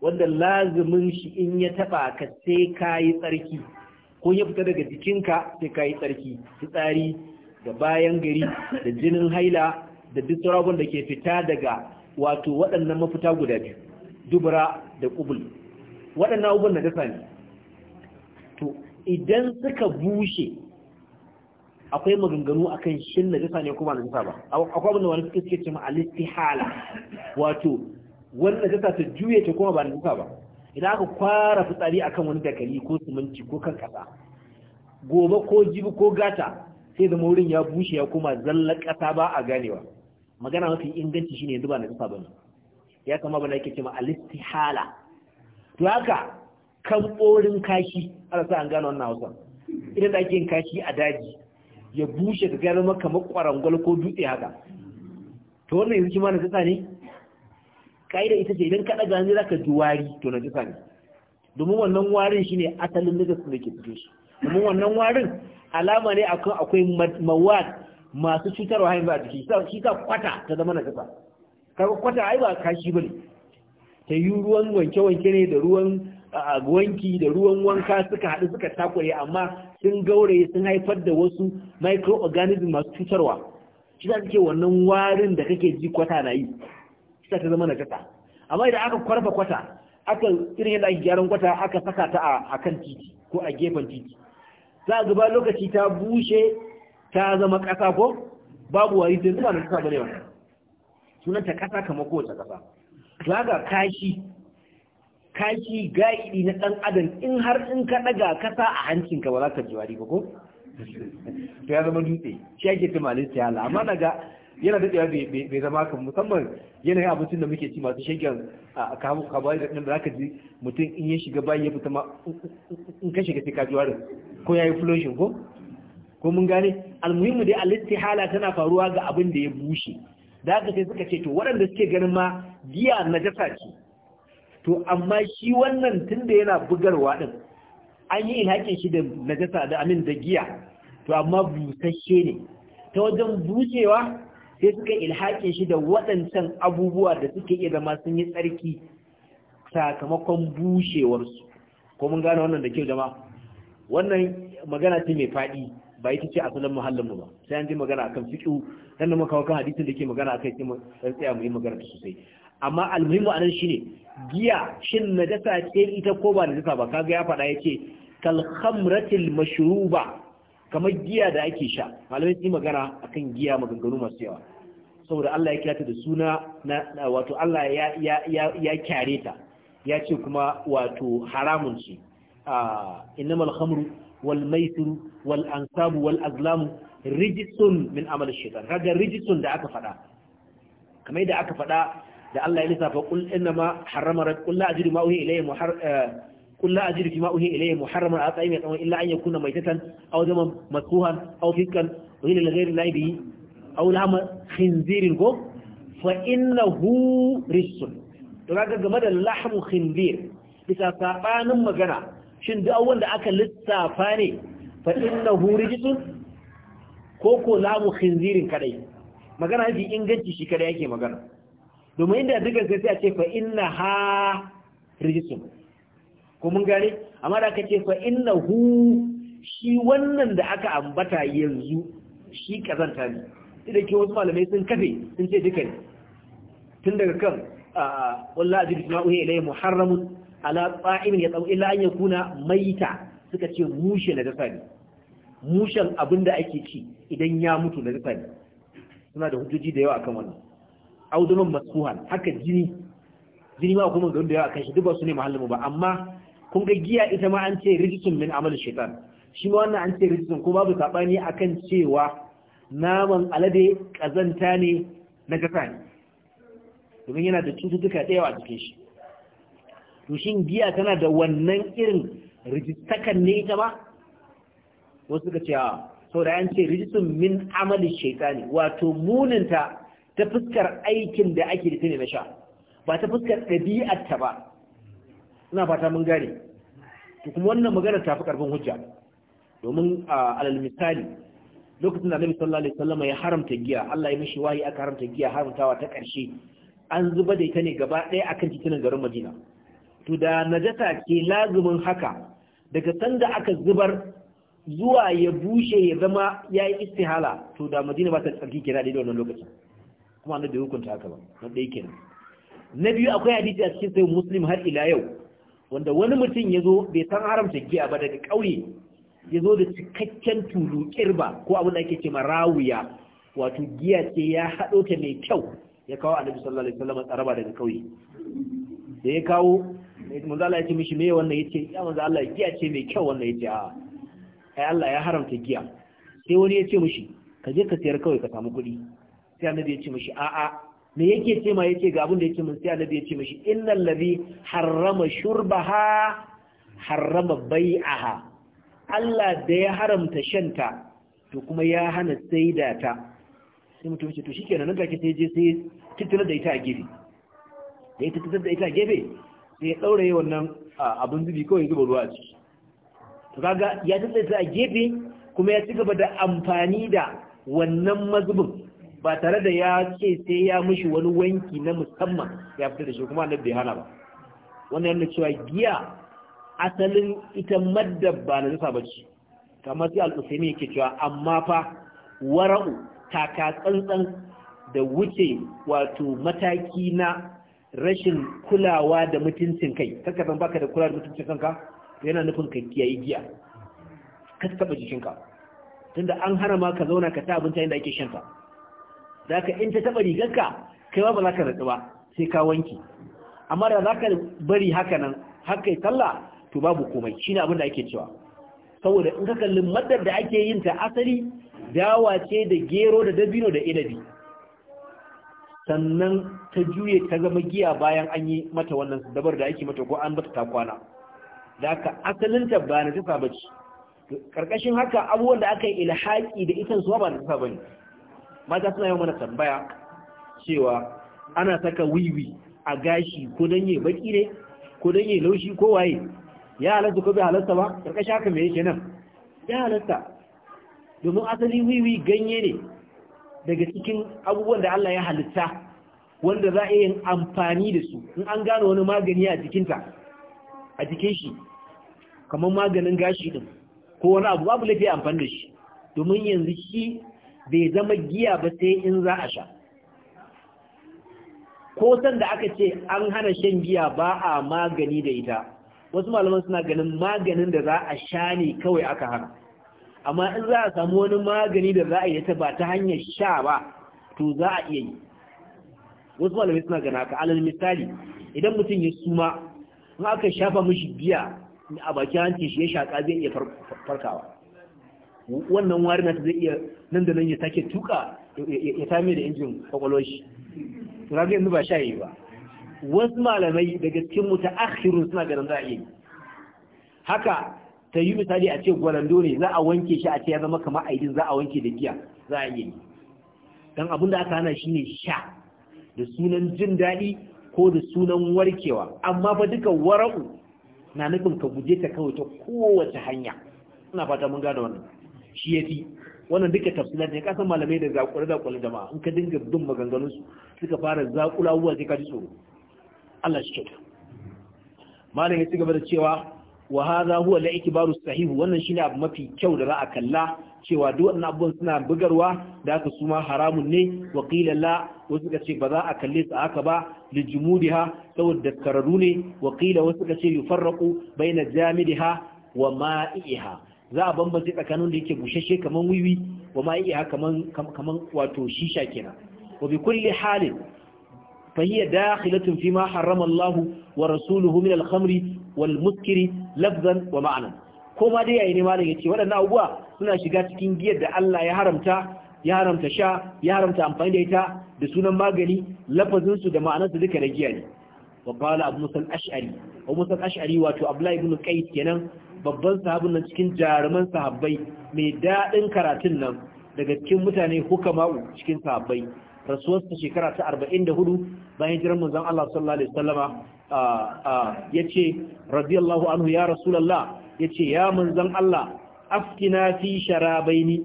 wanda lazumin shi in ya taba ka sai kayi tsarki ko ya fita daga jikinka sai yi tsarki fitsari da bayan gari da jinin haila da duk sauran da ke fita daga wato waɗannan mafita guda biyu dubura da ƙubul waɗannan abubuwan na dafa ne to idan suka bushe akwai maganganu akan shin na dafa ne kuma na dafa ba akwai abin da wani suke suke cima hala wato wani na dafa ta juya ta kuma ba na dafa ba idan aka kwara fitsari akan wani dakali ko siminti ko kan ƙasa gobe ko jibi ko gata sai zama wurin ya bushe ya koma zalla ƙasa ba a ganewa magana mafi inganci shine yanzu ba na dafa ba ne ya kama bala yake cewa alistihala to haka kamborin kashi ana sa an gano wannan hausa idan da ake yin kashi a daji ya bushe ga gara maka makwarangwal ko dutse haka to wannan yanzu kima na jisa ne ka'ida ita ce idan ka ɗaga ne za ka ji wari to na jisa ne domin wannan warin shi ne asalin su da ke fito shi domin wannan warin alama ne akwai mawad masu cutarwa hain ba a jiki shi sa kwata ta zama na jisa kaga kwata ai ba kashi bane ta yi ruwan wanke-wanke ne da ruwan wanki da ruwan wanka suka haɗu suka takure amma sun gauraye sun haifar da wasu microorganism masu cutarwa shi za ke wannan warin da kake ji kwata na yi shi ta zama na najasa amma idan aka kwarfa kwata aka irin yadda ake gyaran kwata aka saka ta a kan titi ko a gefen titi za a gaba lokaci ta bushe ta zama ƙasa ko babu wari zai zama na kasa ne wannan sunanta ƙasa kamar kowace kasa zaga kashi kashi ga'idi na ɗan adam in har in ka ɗaga kasa a ka ba za ka jiwari ba ko? to ya zama dutse shi ake ta malin siyala amma daga yana da tsaye bai zama kan musamman yanayin abincin da muke ci masu shagen a kabari da za ka ji mutum in ya shiga bayan ya fita ma in ka shiga sai ka jiwari ko ya yi floshin ko? ko mun gane almuhimmu dai littihala tana faruwa ga abin da ya bushe da haka sai suka ce to waɗanda suke ganin ma giya najasa ce to amma shi wannan tunda yana bugarwa din an yi ilhakin shi da najasa da amin da giya to amma busasshe ne ta wajen bucewa sai suka ilhakin shi da waɗancan abubuwa da suke iya zama sun yi tsarki sakamakon bushewarsu ko mun gane wannan da kyau jama'a wannan magana ce mai faɗi ba ita ce asalin muhallin mu ba sai an ji magana akan fiƙi dan da muka kan hadisin da ke magana akai sai tsaya mu yi magana sosai amma almuhimmu anan shine giya shin dasa ce ita ko ba dasa ba kaga ya faɗa ya yace kal khamratil ba. kamar giya da ake sha malamai sun magana akan giya maganganu masu yawa saboda Allah ya kyata da suna na wato Allah ya ya ya kyare ta ya ce kuma wato haramun ce ah, innamal khamru wal maisir wal ansabu wal azlamu rijisun min amal shaitan kaga rijisun da aka faɗa kamar da aka faɗa da Allah ya lissafa kul inna ma harrama kul la ajidu ma uhi ilayya muhar kul eh, la ajidu fi ma uhi ilayya muharraman a tsayin tsawon illa an yakuna maitatan aw daman masfuhan aw fiskan wa ila ghairi laibi aw lahma khinzirin ko fa innahu rijsun to game da lahmu khinzir bisa sabanin magana shin duk wanda aka lissafa ne fa hu rijsun ko ko lamu khinzirin kadai magana haji inganci shi kadai yake magana domin inda duka sai sai a ce fa ha rijsun ko mun gane amma da aka ce fa hu shi wannan da aka ambata yanzu shi kazanta ne idan ke wasu malamai sun kafe sun ce duka ne tun daga kan wallahi ajib ma'uhi ilayhi muharramun ala tsa'imin ya tsawo illa an ya kuna maita suka ce mushe na dafa ne mushen abin da ake ci idan ya mutu na dafa ne suna da hujjoji da yawa akan wannan auduman masuhan haka jini jini ma kuma da yawa akan shi duk ba su ne mahallinmu ba amma kun ga giya ita ma an ce rijisun min amal shaitan shi ma wannan an ce rijisun kuma babu sabani akan cewa naman alade kazanta ne na dafa ne domin yana da cututtuka da yawa a jikin shi to shin giya tana da wannan irin rijistakan ne ita ba wasu ka ce a sau da yance ce rijistun min amalin ne. wato muninta ta fuskar aikin da ake da tuni na sha ba ta fuskar ɗabi'arta ba ina fata mun gane to kuma wannan magana ta fi ƙarfin hujja domin alal misali lokacin da Annabi sallallahu alaihi wasallam ya haramta giya Allah ya mishi wahi aka haramta giya haramtawa ta ƙarshe an zuba da ita ne gaba ɗaya akan titunan garin Madina to da najasa ke lazumin haka daga sanda aka zubar zuwa ya bushe ya zama ya yi istihala to da madina ba ta tsarki kira daidai wannan lokacin kuma annabi bai hukunta haka ba na ɗaya kenan na biyu akwai hadisi a cikin sayin muslim har ila yau wanda wani mutum ya zo bai san haramta giya ba daga ƙauye ya zo da cikakken tulu kirba ko abin da ake ce ma rawuya wato giya ce ya haɗo ta mai kyau ya kawo annabi sallallahu alaihi wasallam tsaraba daga ƙauye da ya kawo manzo Allah ya ce mishi me wannan yace ya manzo Allah giya ce mai kyau wannan yace a ai Allah ya haramta giya sai wani ya ce mishi ka je ka sayar kawai ka samu kuɗi sai annabi ya ce mishi a a me yake ce ma ce ga abin da yake mun sai annabi ya ce mishi innal ladhi harrama shurbaha harrama bai'aha Allah da ya haramta shanta to kuma ya hana saida ta sai mutum ce to shikenan nan take sai je sai titina da ita a gefe da ita titina da ita a gefe sai ya ɗauraye wannan abin zubi kawai ya zuba ruwa a ciki to kaga ya tsaye a gefe kuma ya ci gaba da amfani da wannan mazubin ba tare da ya ce sai ya mishi wani wanki na musamman ya fita da shi kuma annabi bai hana ba wannan yana cewa giya asalin ita madda ba na ba ci. kamar sai al yake cewa amma fa wara'u taka tsantsan da wuce wato mataki na rashin kulawa da mutuncin kai kanka san baka da kula da mutuncin kanka yana nufin ka kiyaye giya ka taba jikinka tunda an hana ma ka zauna ka ta abinci inda ake shan ka da in ta taba rigarka kai ba za ka rantsu ba sai ka wanki amma da za ka bari haka nan har kai sallah to babu komai shine abin da ake cewa saboda in ka kalli madar da ake yin ta asali dawa ce da gero da dabino da inabi sannan ta juye ta zama giya bayan an yi mata wannan dabar da ake mata ko an bata ta kwana da aka asalin ta ba na tafa bace karkashin haka abubuwan da aka yi ilhaki da itan su ba na tafa bane mata suna yi mana tambaya cewa ana saka wiwi a gashi ko dan yi baki ne ko dan yi laushi ko waye ya halatta ko bai halatta ba karkashin haka me yake nan ya halatta domin asali wiwi ganye ne daga cikin abubuwan da Allah ya halitta wanda za a yin amfani da su in an gano wani magani a jikinta a jikin shi kamar maganin gashi din ko wani abu babu lafiya amfani da shi domin yanzu shi bai zama giya ba sai in za a sha ko san da aka ce an hana shan giya ba a magani da ita wasu malaman suna ganin maganin da za a sha ne kawai aka hana amma in za a samu wani magani da za a yi ta ba ta hanyar sha ba to za a iya yi wasu malamai suna gana ka alal misali idan mutum ya suma in aka shafa mishi biya, a bakin hanci shi ya shaka zai iya farkawa wannan wari na zai iya nan da nan ya sake tuka ya tame da injin kwakwalwar shi raga yanzu ba sha yi ba wasu malamai daga cikin mutu akhirun suna ganin za a yi haka ta yi misali a ce gwarando ne za a wanke shi a ce ya zama kamar aidin za a wanke da giya za a yi Don abin da aka hana shi ne sha da sunan jin daɗi ko da sunan warkewa amma ba duka wara'u na nufin ka guje ta kawai ta kowace hanya ina fata mun gane wannan shi ya fi, wannan duka tafsila ne kasan malamai da zakure da kullu in ka dinga bin maganganun su suka fara zakula sai ka ji tsoro Allah shi kyauta malam ya ci gaba da cewa wa hadha huwa al-ikbaru sahih wannan shine abu mafi kyau da za a kalla cewa duk wannan abubuwan suna bugarwa da aka suma haramun ne wa qila la wasu ka ce ba za a kalle su haka ba li jumudiha saboda kararu ne wa qila wasu ka ce yufarraqu baina jamidiha wa ma'iha za a bambance tsakanin da yake bushashe kaman wiwi wa ma'iha kaman kaman wato shisha kenan wa bi kulli halin فهي داخلة فيما حرم wa ورسوله من الخمر wal muskiri lafzan wa ma'anan ko ma dai yayi ne malam yace waɗannan abubuwa suna shiga cikin giyar da Allah ya haramta ya haramta sha ya haramta amfani da ita da sunan magani lafazin su da ma'anar su duka na giya ne wa abu musal ash'ari wa musal ash'ari wato abdullahi ibn qais kenan babban sahabin nan cikin jaruman sahabbai mai daɗin karatun nan daga cikin mutane hukama'u cikin sahabbai rasuwarsa shekara ta 44 bayan jiran manzon Allah sallallahu alaihi wasallama ya ce radiyallahu anhu ya rasulallah ya ce ya munzan Allah afkina fi ni.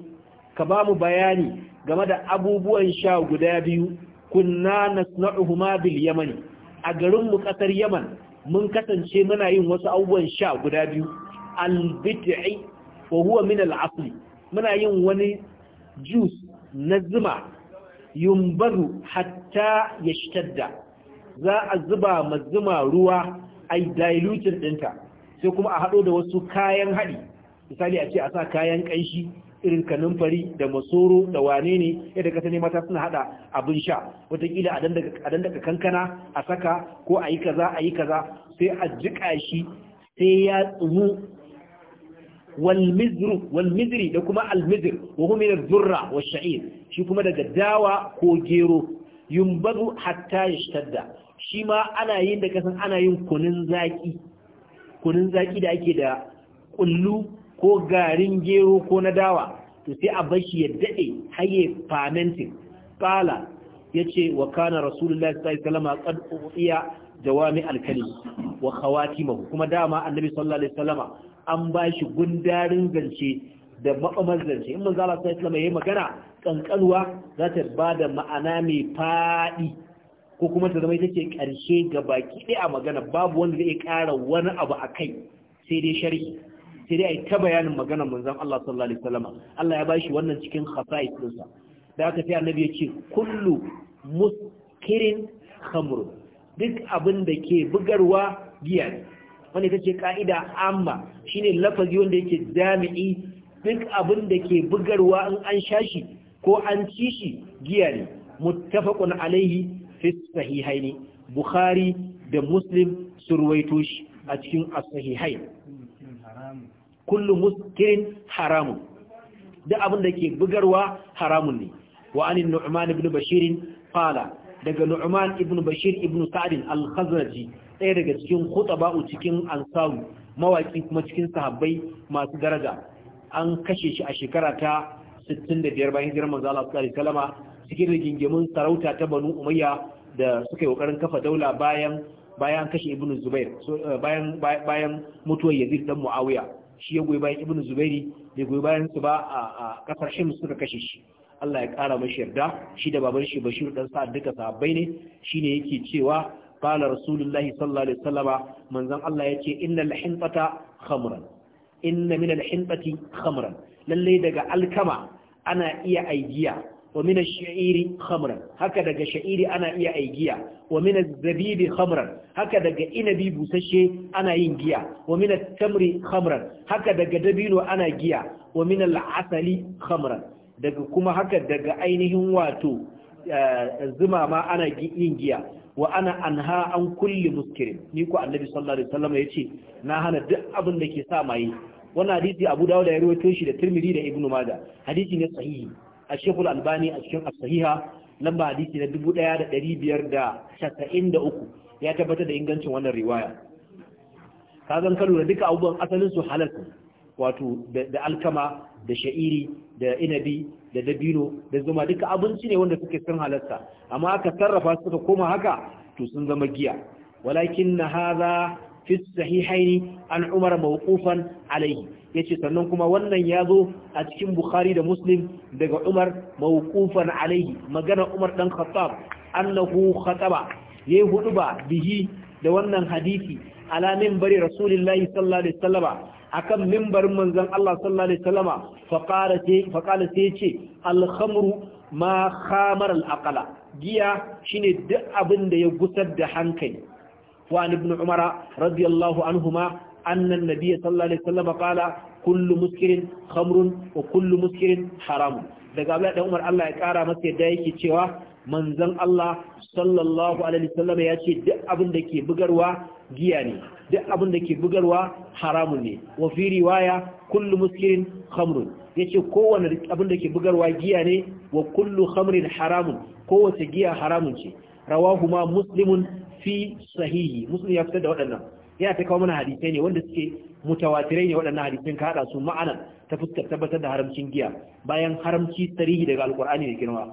ka ba mu bayani game da abubuwan sha guda biyu kunna nasna'uhuma bil yamani a garin mu ƙasar yaman mun kasance muna yin wasu abubuwan sha guda biyu Al albit'i wa huwa min al-asli muna yin wani juice na zuma yumbaru hatta ya za a zuba mazuma ruwa a dilutin ɗinta sai kuma a haɗo da wasu kayan haɗi misali a ce a sa kayan ƙanshi irin kanumfari da masoro da wane ne yadda kasa mata suna haɗa abin sha Wataƙila a dan daga kankana a saka ko a yi kaza a yi kaza sai a jika shi sai ya tsumu walmizri da kuma almizir wa huminar zurra wa sha'ir shi kuma daga dawa ko gero yumbazu hatta ya shtadda shi ma ana yin da kasan ana yin kunun zaki kunun zaki da ake da kullu ko garin gero ko na dawa to sai a bashi ya dade haye fermenting qala yace wa kana rasulullahi sallallahu alaihi wasallam qad uqiya jawami alkalim wa khawatimahu kuma dama annabi sallallahu alaihi wasallam an bashi gundarin zance da makamar zance in manzo sallallahu alaihi wasallam yayi magana kankanwa za ta bada ma'ana mai fadi ko kuma ta zama ita ce ƙarshe ga baki ɗaya a magana babu wanda zai ƙara wani abu a kai sai dai sharhi sai dai a ta bayanin maganar manzon Allah sallallahu alaihi wasallam Allah ya bashi wannan cikin khasa'is ɗinsa da aka sai annabi ya ce kullu muskirin khamrun duk abin da ke bugarwa giya ne wanda ita ce ka'ida amma shine lafazi wanda yake jami'i duk abin da ke bugarwa in an sha shi ko an ci shi giya ne muttafaqun alaihi fi sahihaini bukhari da muslim su ruwaito shi a cikin asahihai kullum kullu muskirin haramun Da abinda ke bugarwa haramun ne wa anin nu'man ibn Bashirin Fala daga nu'man ibn bashir ibn Sa'adin al-khazraji ɗaya daga cikin khutaba'u cikin ansaru mawaki kuma cikin sahabbai masu daraja an kashe shi a shekara ta 65 bayan hijirar manzo Allah sallallahu alaihi cikin rigingimin sarauta ta banu umayya da suka yi kokarin kafa daula bayan bayan kashe ibnu zubair eh, bayan bayan mutuwar yazid dan muawiya shi ya goyi bayan ibnu zubairi bai goyi bayan su ba a kasar shim suka kashe shi Allah ya kara mashi yarda shi da baban shi bashir dan sa'ad duka sahabbai ne shine yake cewa qala rasulullahi sallallahu alaihi wasallama manzon Allah yace innal hinfata khamran inna min al-hinfati khamran lalle daga alkama ana iya aigiya wa shairi khamran haka daga sha'iri ana iya ai giya wa min zabibi khamran haka daga inabi busasshe ana yin giya wa tamri khamran haka daga dabino ana giya wa min al khamran daga kuma haka daga ainihin wato eh, zuma ma ana yin giya wa ana anha an kulli muskirin ni ko annabi sallallahu alaihi wasallam yace na hana duk abin da ke sa maye wannan hadisi Abu Dawud ya rawaito shi da Tirmidhi da Ibn Majah hadisi ne sahihi a shekul albani a cikin asahiha lamba hadisi na uku, ya tabbatar da ingancin wannan riwaya ka zan kalu da duka abubuwan asalin su halalku wato da alkama da sha'iri da inabi da dabino da zuma duka abinci ne wanda suke sun halarta amma aka sarrafa suka koma haka to sun zama giya walakin na haza fi sahihaini an umar mawqufan alaihi ce sannan kuma wannan ya zo a cikin bukhari da muslim daga umar mawqufan alaihi magana umar dan khattab annahu khataba yayi ba bihi da wannan hadisi ala bari rasulillahi sallallahu alaihi wasallama akan minbarin manzon Allah sallallahu alaihi wasallama fa qala fa sai yace al khamru ma khamar al aqla giya shine duk abin da ya gusar da hankali wa ibn umara radiyallahu anhuma أن النبي صلى الله عليه وسلم قال كل مسكر خمر وكل مسكر حرام daga Abdullahi dan Umar Allah ya kara masa yadda yake cewa manzan Allah sallallahu alaihi wasallam ya ce duk abin ke bugarwa giya ne duk abin da ke bugarwa haramun ne wa muskirin khamrun yace kowanne abin da ke bugarwa giya ne wa kullu khamrin haramun kowace giya haramun ce rawahu ma muslimun fi sahihi muslim ya fitar da waɗannan yana ta kawo mana hadisai ne wanda suke mutawatirai ne waɗannan hadisin ka haɗa su ma'anar ta fuskar tabbatar da haramcin giya bayan haramci tarihi daga alkur'ani da girma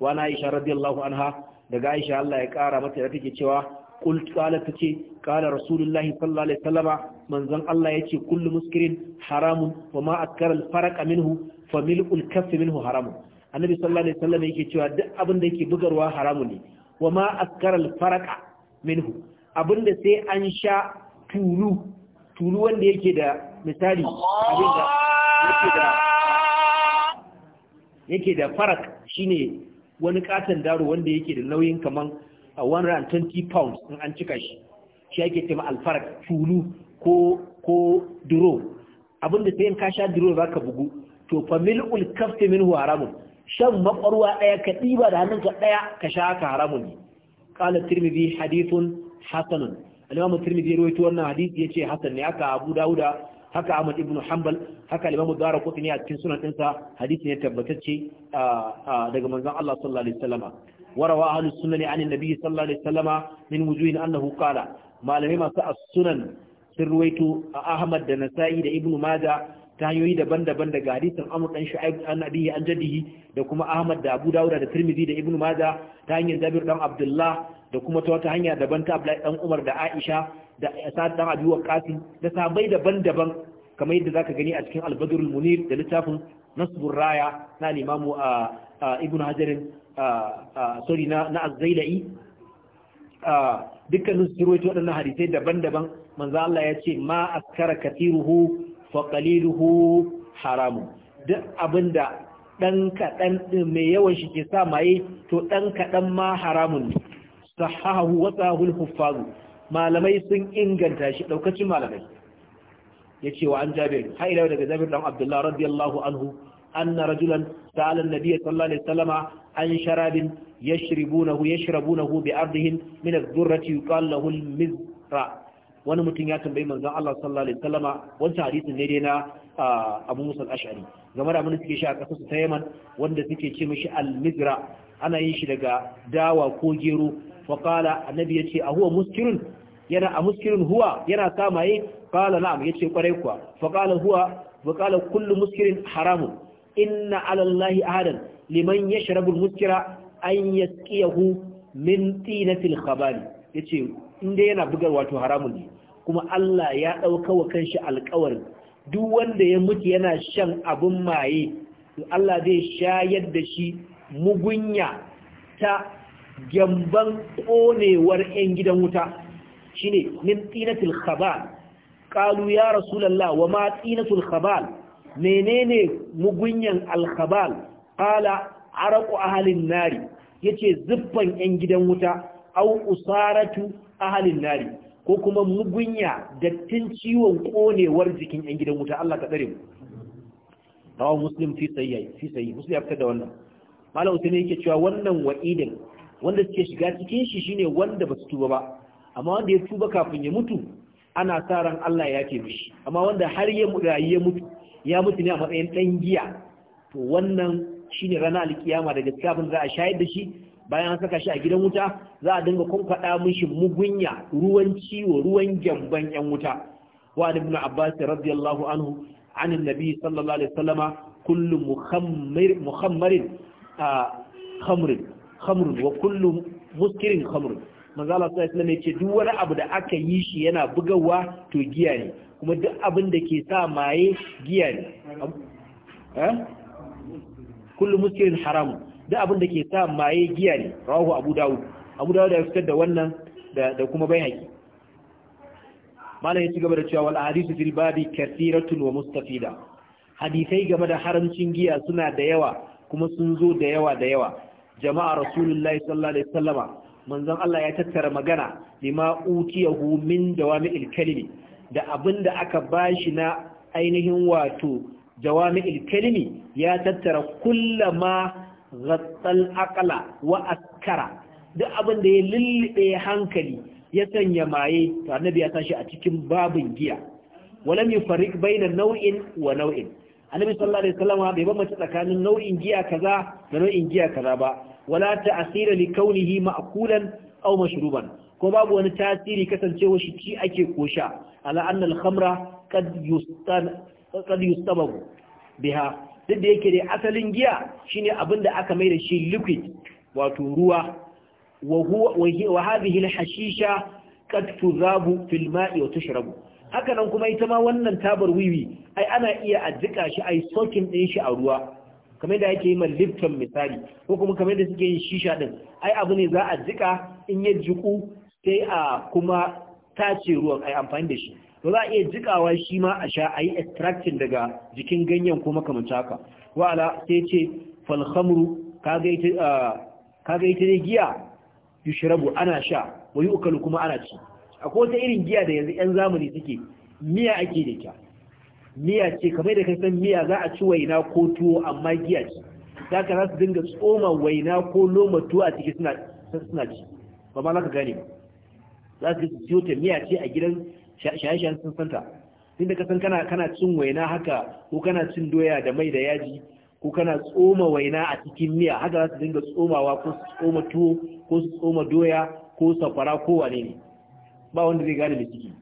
wa na aisha radiyallahu anha daga aisha Allah ya ƙara mata da take cewa kul qala tace qala rasulullahi sallallahu alaihi wasallama manzon Allah yace kullu muskirin haramun wa ma akkara al minhu fa mil'ul kaff minhu haramun annabi sallallahu alaihi wasallam yake cewa duk abin da yake bugarwa haramun ne wa ma akkara al minhu abinda sai an sha tulu tulu wanda yake da misali abinda yake da yake da farak shine wani katon daro wanda yake da nauyin kaman 120 pounds in an cika shi shi yake cewa alfarak tulu ko ko duro abinda sai in ka sha duro ka bugu to fa mil'ul kafti minhu haramun shan makwarwa daya ka diba da hannunka daya ka sha ka haramun ne qala tirmidhi hadithun hasanun al-imam tirmidhi ya rawaito wannan hadisi yace hasan ne haka abu dauda haka ahmad ibn hanbal haka al-imam ad-darqutni a cikin sunan dinsa hadisi ne tabbatacce daga manzon Allah sallallahu alaihi wasallama وروى أهل السنن عن النبي صلى الله عليه وسلم من وجوه أنه قال ما لم يمس السنن سرويت أحمد دنسائي ابن ماذا ta hanyoyi daban-daban daga hadisin Amr dan Shu'aib an Abihi an Jaddihi da kuma Ahmad da Abu dauda da Tirmidhi da ibnu maja ta hanyar Jabir dan Abdullah da kuma ta wata hanya daban ta Abdullahi dan Umar da Aisha da Sa'ad dan Abi Waqqas da sabai daban-daban kamar yadda zaka gani a cikin Al-Badrul Munir da littafin Nasbur Raya na Imam Ibn Hajar sorry na na Az-Zailai dukkanin su ruwaito waɗannan hadisai daban-daban manzo Allah ya ce ma askara katiruhu fa qaliluhu haramu duk abinda dan kaɗan mai yawan shi ke sa maye to dan kaɗan ma haramun ne sahahu wa huffazu malamai sun inganta shi daukacin malamai yace wa an jabir ila daga jabir dan abdullah radiyallahu anhu anna rajulan sa'ala an-nabiy sallallahu alaihi wasallama an sharabin yashribunahu yashrabunahu bi ardihim min adh-dhurrati yuqal lahu al-mizra wani mutum ya tambayi manzon Allah sallallahu alaihi wasallama wancan hadisin ne dai na Abu Musa al-Ash'ari game da abin da suke sha a kasar su ta Yaman wanda suke ce mishi al-Mizra ana yin shi daga dawa ko gero Faƙala annabi yace a huwa muskirun yana a muskirin huwa yana kamaye qala na'am ce kwarai kuwa Faƙala huwa Faƙala kullum muskirin haramun inna 'ala allahi liman yashrabu al-muskira an yasqiyahu min tinatil ya ce inda yana bugar wato haramun ne kuma Allah ya ɗaukawa wa kanshi alƙawarin duk wanda ya mutu yana shan abin maye Allah zai shayar da shi mugunya ta gyamban konewar 'yan gidan wuta shine min tsinatul khabal Kalu ya lalla wa ma tsinatul khabal menene mugunyan al khabal Araku ahalin halin nari yace zubban 'yan gidan wuta au usaratu halin nari ko kuma mugunya dattin ciwon konewar jikin 'yan gidan wuta Allah ka tsare mu rawa muslim fi sayi ya fitar da wannan malam usman yake cewa wannan wa'idin wanda suke shiga cikin shi shine wanda ba su tuba ba amma wanda ya tuba kafin ya mutu ana sa ran Allah ya ce mishi amma wanda har ya rayu ya mutu ya mutu ne a matsayin dan giya to wannan shine rana alkiyama da gaskiya za a shayar da shi bayan an saka shi a gidan wuta za a dinga kunkwada mishi mugunya ruwan ciwo ruwan gyamban yan wuta wa ibn abbas radiyallahu anhu عن النبي صلى الله عليه وسلم كل مخمر مخمر khamrun wa kullu muskirin khamrun manzo Allah sallallahu alaihi wasallam duk wani abu da aka yi shi yana bugawa to giya ne kuma duk abin da ke sa maye giya ne eh kullu muskirin haram duk abin da ke sa maye giya ne rawahu Abu Dawud Abu Dawud ya fitar da wannan da kuma bai malam ya ci gaba da cewa wal ahadithu fil babi kathiratun wa mustafida hadisai game da haramcin giya suna da yawa kuma sun zo da yawa da yawa jama'a rasulullahi sallallahu alaihi wasallama manzon Allah ya tattara magana lima utiyahu min dawami'il kalimi da abinda aka bashi na ainihin wato jawami'il kalimi ya tattara kullama ghatsal aqla wa askara duk da ya lullube hankali ya sanya maye to annabi ya tashi a cikin babin giya walam yufarriq baina nau'in wa nau'in annabi sallallahu alaihi wasallam bai bambance tsakanin nau'in giya kaza da nau'in giya kaza ba wala ta'sira li kaunihi ma'kulan aw mashruban ko babu wani tasiri kasancewa shi ci ake kosha ala anna al-khamra qad yustan qad biha duk da yake dai asalin giya shine abinda aka mai da shi liquid wato ruwa wa huwa wa hadhihi al-hashisha qad tuzabu fil ma'i wa haka nan kuma ita ma wannan tabar wiwi ai ana iya a jika shi ai sokin din shi a ruwa kamar da yake yi ma lifton misali ko kuma kamar da suke yin shisha din ai abu ne za a jika in ya jiku sai a kuma tace ruwan ai amfani da shi to za a iya jikawa shi ma a sha ai extracting daga jikin ganyen ko makamanta haka wa'ala sai ce fal khamru kaga ita ah, kaga ita ne giya yushrabu ana sha wayu ukalu kuma ana ci akwai wata irin giya da yanzu 'yan zamani suke miya ake da ita miya ce kamar da ka san miya za a ci waina ko tuwo amma giya ce za ka za su dinga tsoma waina ko loma tuwo a ciki suna ci ba ma za ka gane ba za su su siyo ta miya ce a gidan shaye-shayen sun santa inda ka san kana cin waina haka ko kana cin doya da mai da yaji ko kana tsoma waina a cikin miya haka za su dinga tsomawa ko su tsoma tuwo ko su tsoma doya ko safara ko wane ne ba wanda zai gane da ciki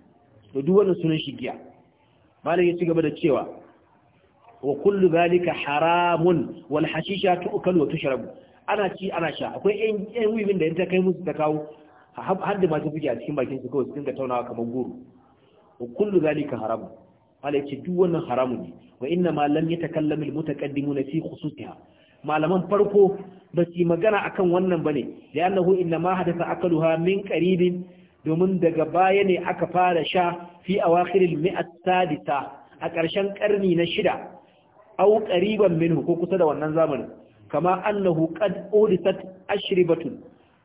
to duk wannan sunan shi giya malam ya ci gaba da cewa wa kullu zalika haramun wal hashisha tu'kalu wa tushrabu ana ci ana sha akwai yan yan wimin da in ta kai musu ta kawo har da masu fuji a cikin bakin su kawai su dinga taunawa kamar goro wa kullu zalika haramun malam ya ce duk wannan haramun ne wa inna ma lam yatakallamu al fi khususiha malaman farko ba su magana akan wannan bane da annahu inna ma hadatha akaluha min qaribin domin daga baya ne aka fara sha fi awakhiril mi'at sadisa a ƙarshen ƙarni na shida au qariban minhu ko kusa da wannan zamanin kama annahu qad udisat ashribatun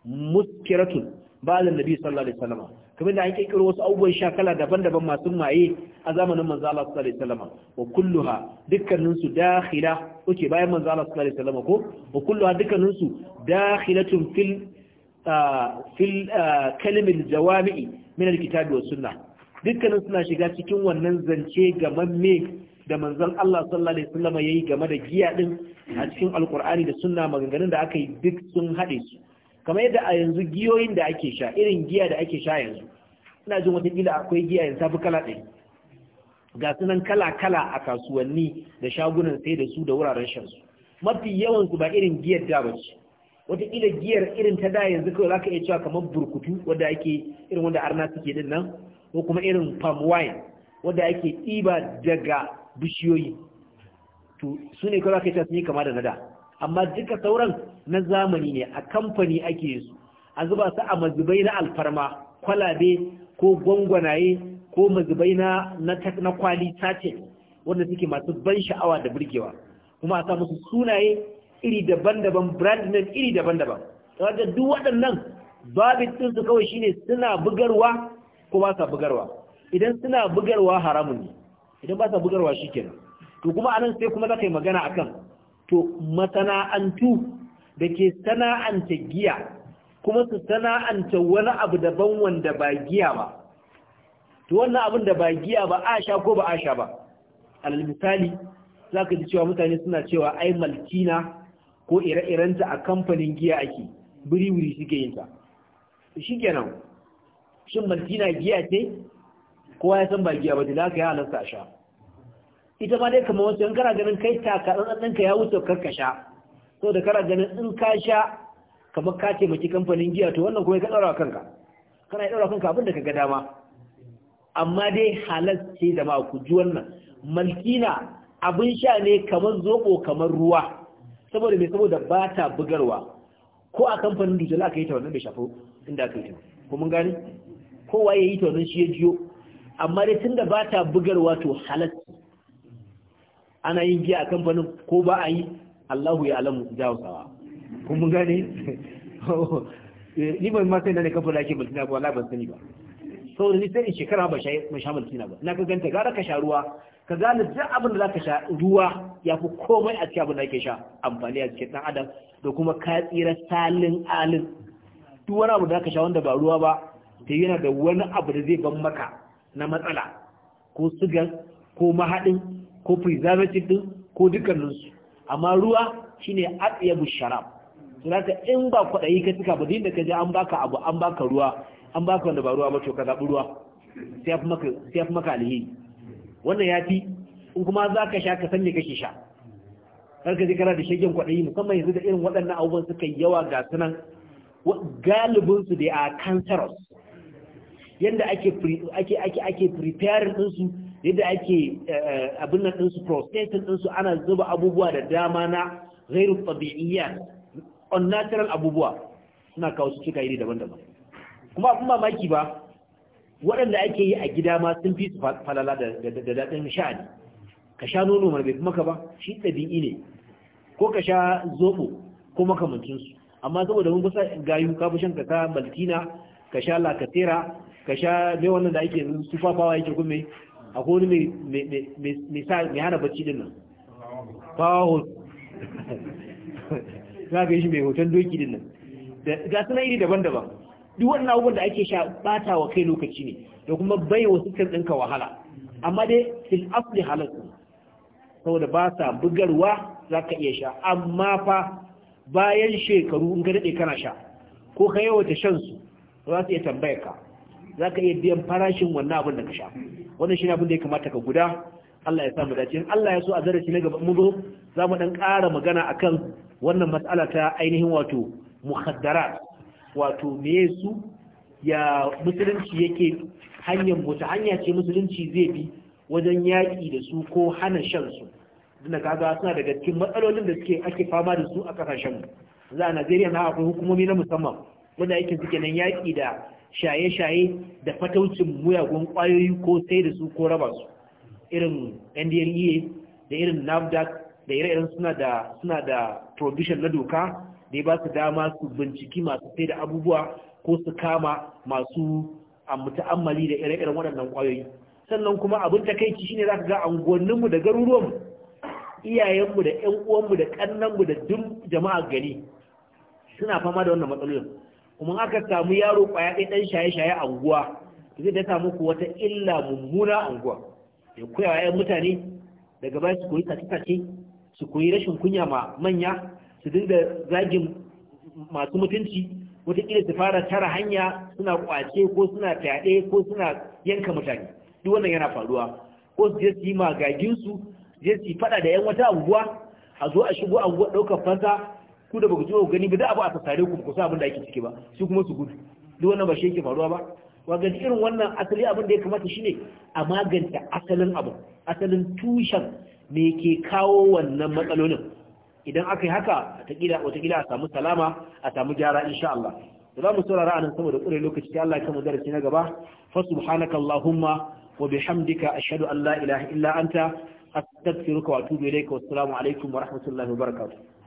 muskiratun ba'da nabi sallallahu alaihi wasallam kamar da an kirkiro wasu abubuwan sha kala daban-daban masu maye a zamanin manzo Allah sallallahu alaihi wasallam wa kulluha dukkanin su dakhila oke bayan manzo Allah sallallahu alaihi wasallam ko wa kulluha dukkanin su dakhilatun fil fil kalimin jawami'i min alkitabi was sunna dukkanin suna shiga cikin wannan zance gamamme da manzon Allah sallallahu alaihi wasallam yayi game da giya din a cikin alkur'ani da sunna maganganun da aka yi duk sun haɗe su kamar yadda a yanzu giyoyin da ake sha irin giya da ake sha yanzu ina jin watakila akwai giya yanzu tafi kala ɗari ga sunan kala-kala a kasuwanni da shagunan sai da su da wuraren shan su mafi yawan su ba irin giyar da ba ce wataƙila giyar irin ta da yanzu kawai za ka iya cewa kamar burkutu wadda ake irin wanda arna suke din nan ko kuma irin palm wine wadda ake ɗiba daga bishiyoyi to su ne kawai za ka iya cewa sun yi kama da nada. amma duka sauran na zamani ne a kamfani ake su a zuba su a mazubai na alfarma kwalabe ko gwangwanaye ko mazubai na na kwali tace wanda suke masu ban sha'awa da burgewa kuma a sa sunaye iri daban-daban brand name iri daban-daban kaga duk waɗannan babin din su kawai shine suna bugarwa ko ba sa bugarwa idan suna bugarwa haramun ne idan ba sa bugarwa shikenan to kuma anan sai kuma zaka yi magana akan to masana'antu da ke sana'anta giya kuma su sana'anta wani abu daban wanda ba giya ba to wannan abin da ba giya ba a ko ba a sha ba alal misali za ka ji cewa mutane suna cewa ai maltina ko ire-irenta a kamfanin giya ake wuri suke yinta ta shi kenan shin maltina giya ce kowa ya san ba giya ba da ka yi halarta a sha ita ma dai kama wasu yan kana ganin kai takarar ɗanka ya wuce karka sha so da kara ganin in ka sha kamar ka ce maki kamfanin giya to wannan kuma ka ɗaura kanka kana ya ɗaura kanka abin da ka ga dama amma dai halas ce da ma ku ji wannan malkina abin sha ne kamar zoɓo kamar ruwa saboda mai saboda ba ta bugarwa ko a kamfanin dujala aka yi ta wannan bai shafo inda aka yi ta ko mun gani kowa ya yi ta wannan shi ya jiyo amma dai da ba ta bugarwa to halatta ana yin giya a kamfanin ko ba a yi Allahu ya alamu jawsawa ko mun gani ni ban ma sai na kamfanin ake mulkina ba wala ban sani ba saboda ni sai shekara ba sha mulkina ba na ka ganta gara ka sha ruwa ka gane duk abin da zaka sha ruwa ya fi komai a cikin abin da ke sha amfani a cikin ɗan adam da kuma ka tsira salin alin duk wani abu da zaka sha wanda ba ruwa ba da yana da wani abu da zai ban maka na matsala ko sigar ko mahaɗin ko preservative ɗin ko dukkaninsu amma ruwa shine atyabu sharab saboda in ba kwaɗayi ka cika ba din da ka je an baka abu an baka ruwa an baka wanda ba ruwa ba to ka zaɓi ruwa sai ya fi maka alheri wannan ya fi in kuma za ka sha ka san me sha karka ka kana da shagen kwaɗayi musamman yanzu da irin waɗannan abubuwan suka yi yawa ga sunan galibinsu da a cancerous yadda ake ake ake ake preparing ɗinsu yadda ake eh, abin nan ɗinsu processing ɗinsu ana zuba abubuwa da dama na ghairu tabi'iyya unnatural abubuwa suna kawo su cika iri daban-daban kuma abin mamaki ba waɗanda ake yi a gida ma sun fi su falala da daɗin sha'ani ka sha nono mara bai kuma ka ba shi ɗabi'i ne ko ka sha zoɓo ko makamancinsu amma saboda mun kusa gayu ka fi shan ka sa maltina ka sha lakatera ka sha mai wannan da ake sufafawa yake kuma a kone mai hana bacci din nan powerhouse za ka yi shi mai hoton doki din nan ga suna iri daban-daban duk wannan abubuwan da ake sha bata wa kai lokaci ne da kuma bai wa sistem ɗinka wahala amma dai fil asli halatu saboda ba sa bugarwa za ka iya sha amma fa bayan shekaru in ka daɗe kana sha ko ka yawata shan su za su iya tambayar ka za ka iya biyan farashin wannan abin da ka sha wannan shi ne abin da ya kamata ka guda Allah ya samu dace Allah ya so a zarafi na gaba mu za mu dan ƙara magana akan wannan mas'ala ta ainihin wato muhaddarat wato me su ya musulunci yake hanyar wata hanya ce musulunci zai bi wajen yaƙi da su ko hana shan su duna kaga suna daga cikin matsalolin da suke ake fama da su a ƙasashen mu za a Najeriya na akwai hukumomi na musamman wanda aikin suke nan yaƙi da shaye-shaye da fataucin muyagun ƙwayoyi ko sai da su ko raba su irin NDLEA da irin NAFDAC da ire-iren suna da suna da provision na doka da ya ba su dama su binciki masu sai da abubuwa ko su kama masu mutu'ammali da ire-iren waɗannan ƙwayoyi sannan kuma abin takaici shine za ka ga anguwanninmu da garuruwanmu iyayenmu da 'yan'uwanmu, uwanmu da ƙannanmu da duk jama'a gani? suna fama da wannan matsalolin kuma aka samu yaro kwaya ɗaya ɗan shaye-shaye a unguwa zai ta samu ku wata illa mummuna unguwa 'yan mutane daga baya su koyi tace-tace su koyi rashin kunya ma manya su dinga zagin masu mutunci wataƙila su fara tara hanya suna kwace, ko suna fyaɗe ko suna yanka mutane duk wannan yana faruwa ko su je su yi magaginsu je su faɗa da 'yan wata abubuwa, a zo a shigo abubuwa ɗaukar fasa ku da ba ku ji gani ba da abu a tsare ku ku sa abin da ake ciki ba su kuma su gudu duk wannan ba shi yake faruwa ba wagan irin wannan asali abin da ya kamata shine a maganta asalin abu asalin tushen me ke kawo wannan matsalolin idan aka yi haka watakila a samu salama a samu gyara insha Allah da za mu saurara a nan saboda ƙure lokaci ta Allah ya kama darasi na gaba fa subhanaka allahumma wa bihamdika ashhadu an la ilaha illa anta astaghfiruka wa atubu ilayka wa assalamu alaikum wa rahmatullahi wa barakatuh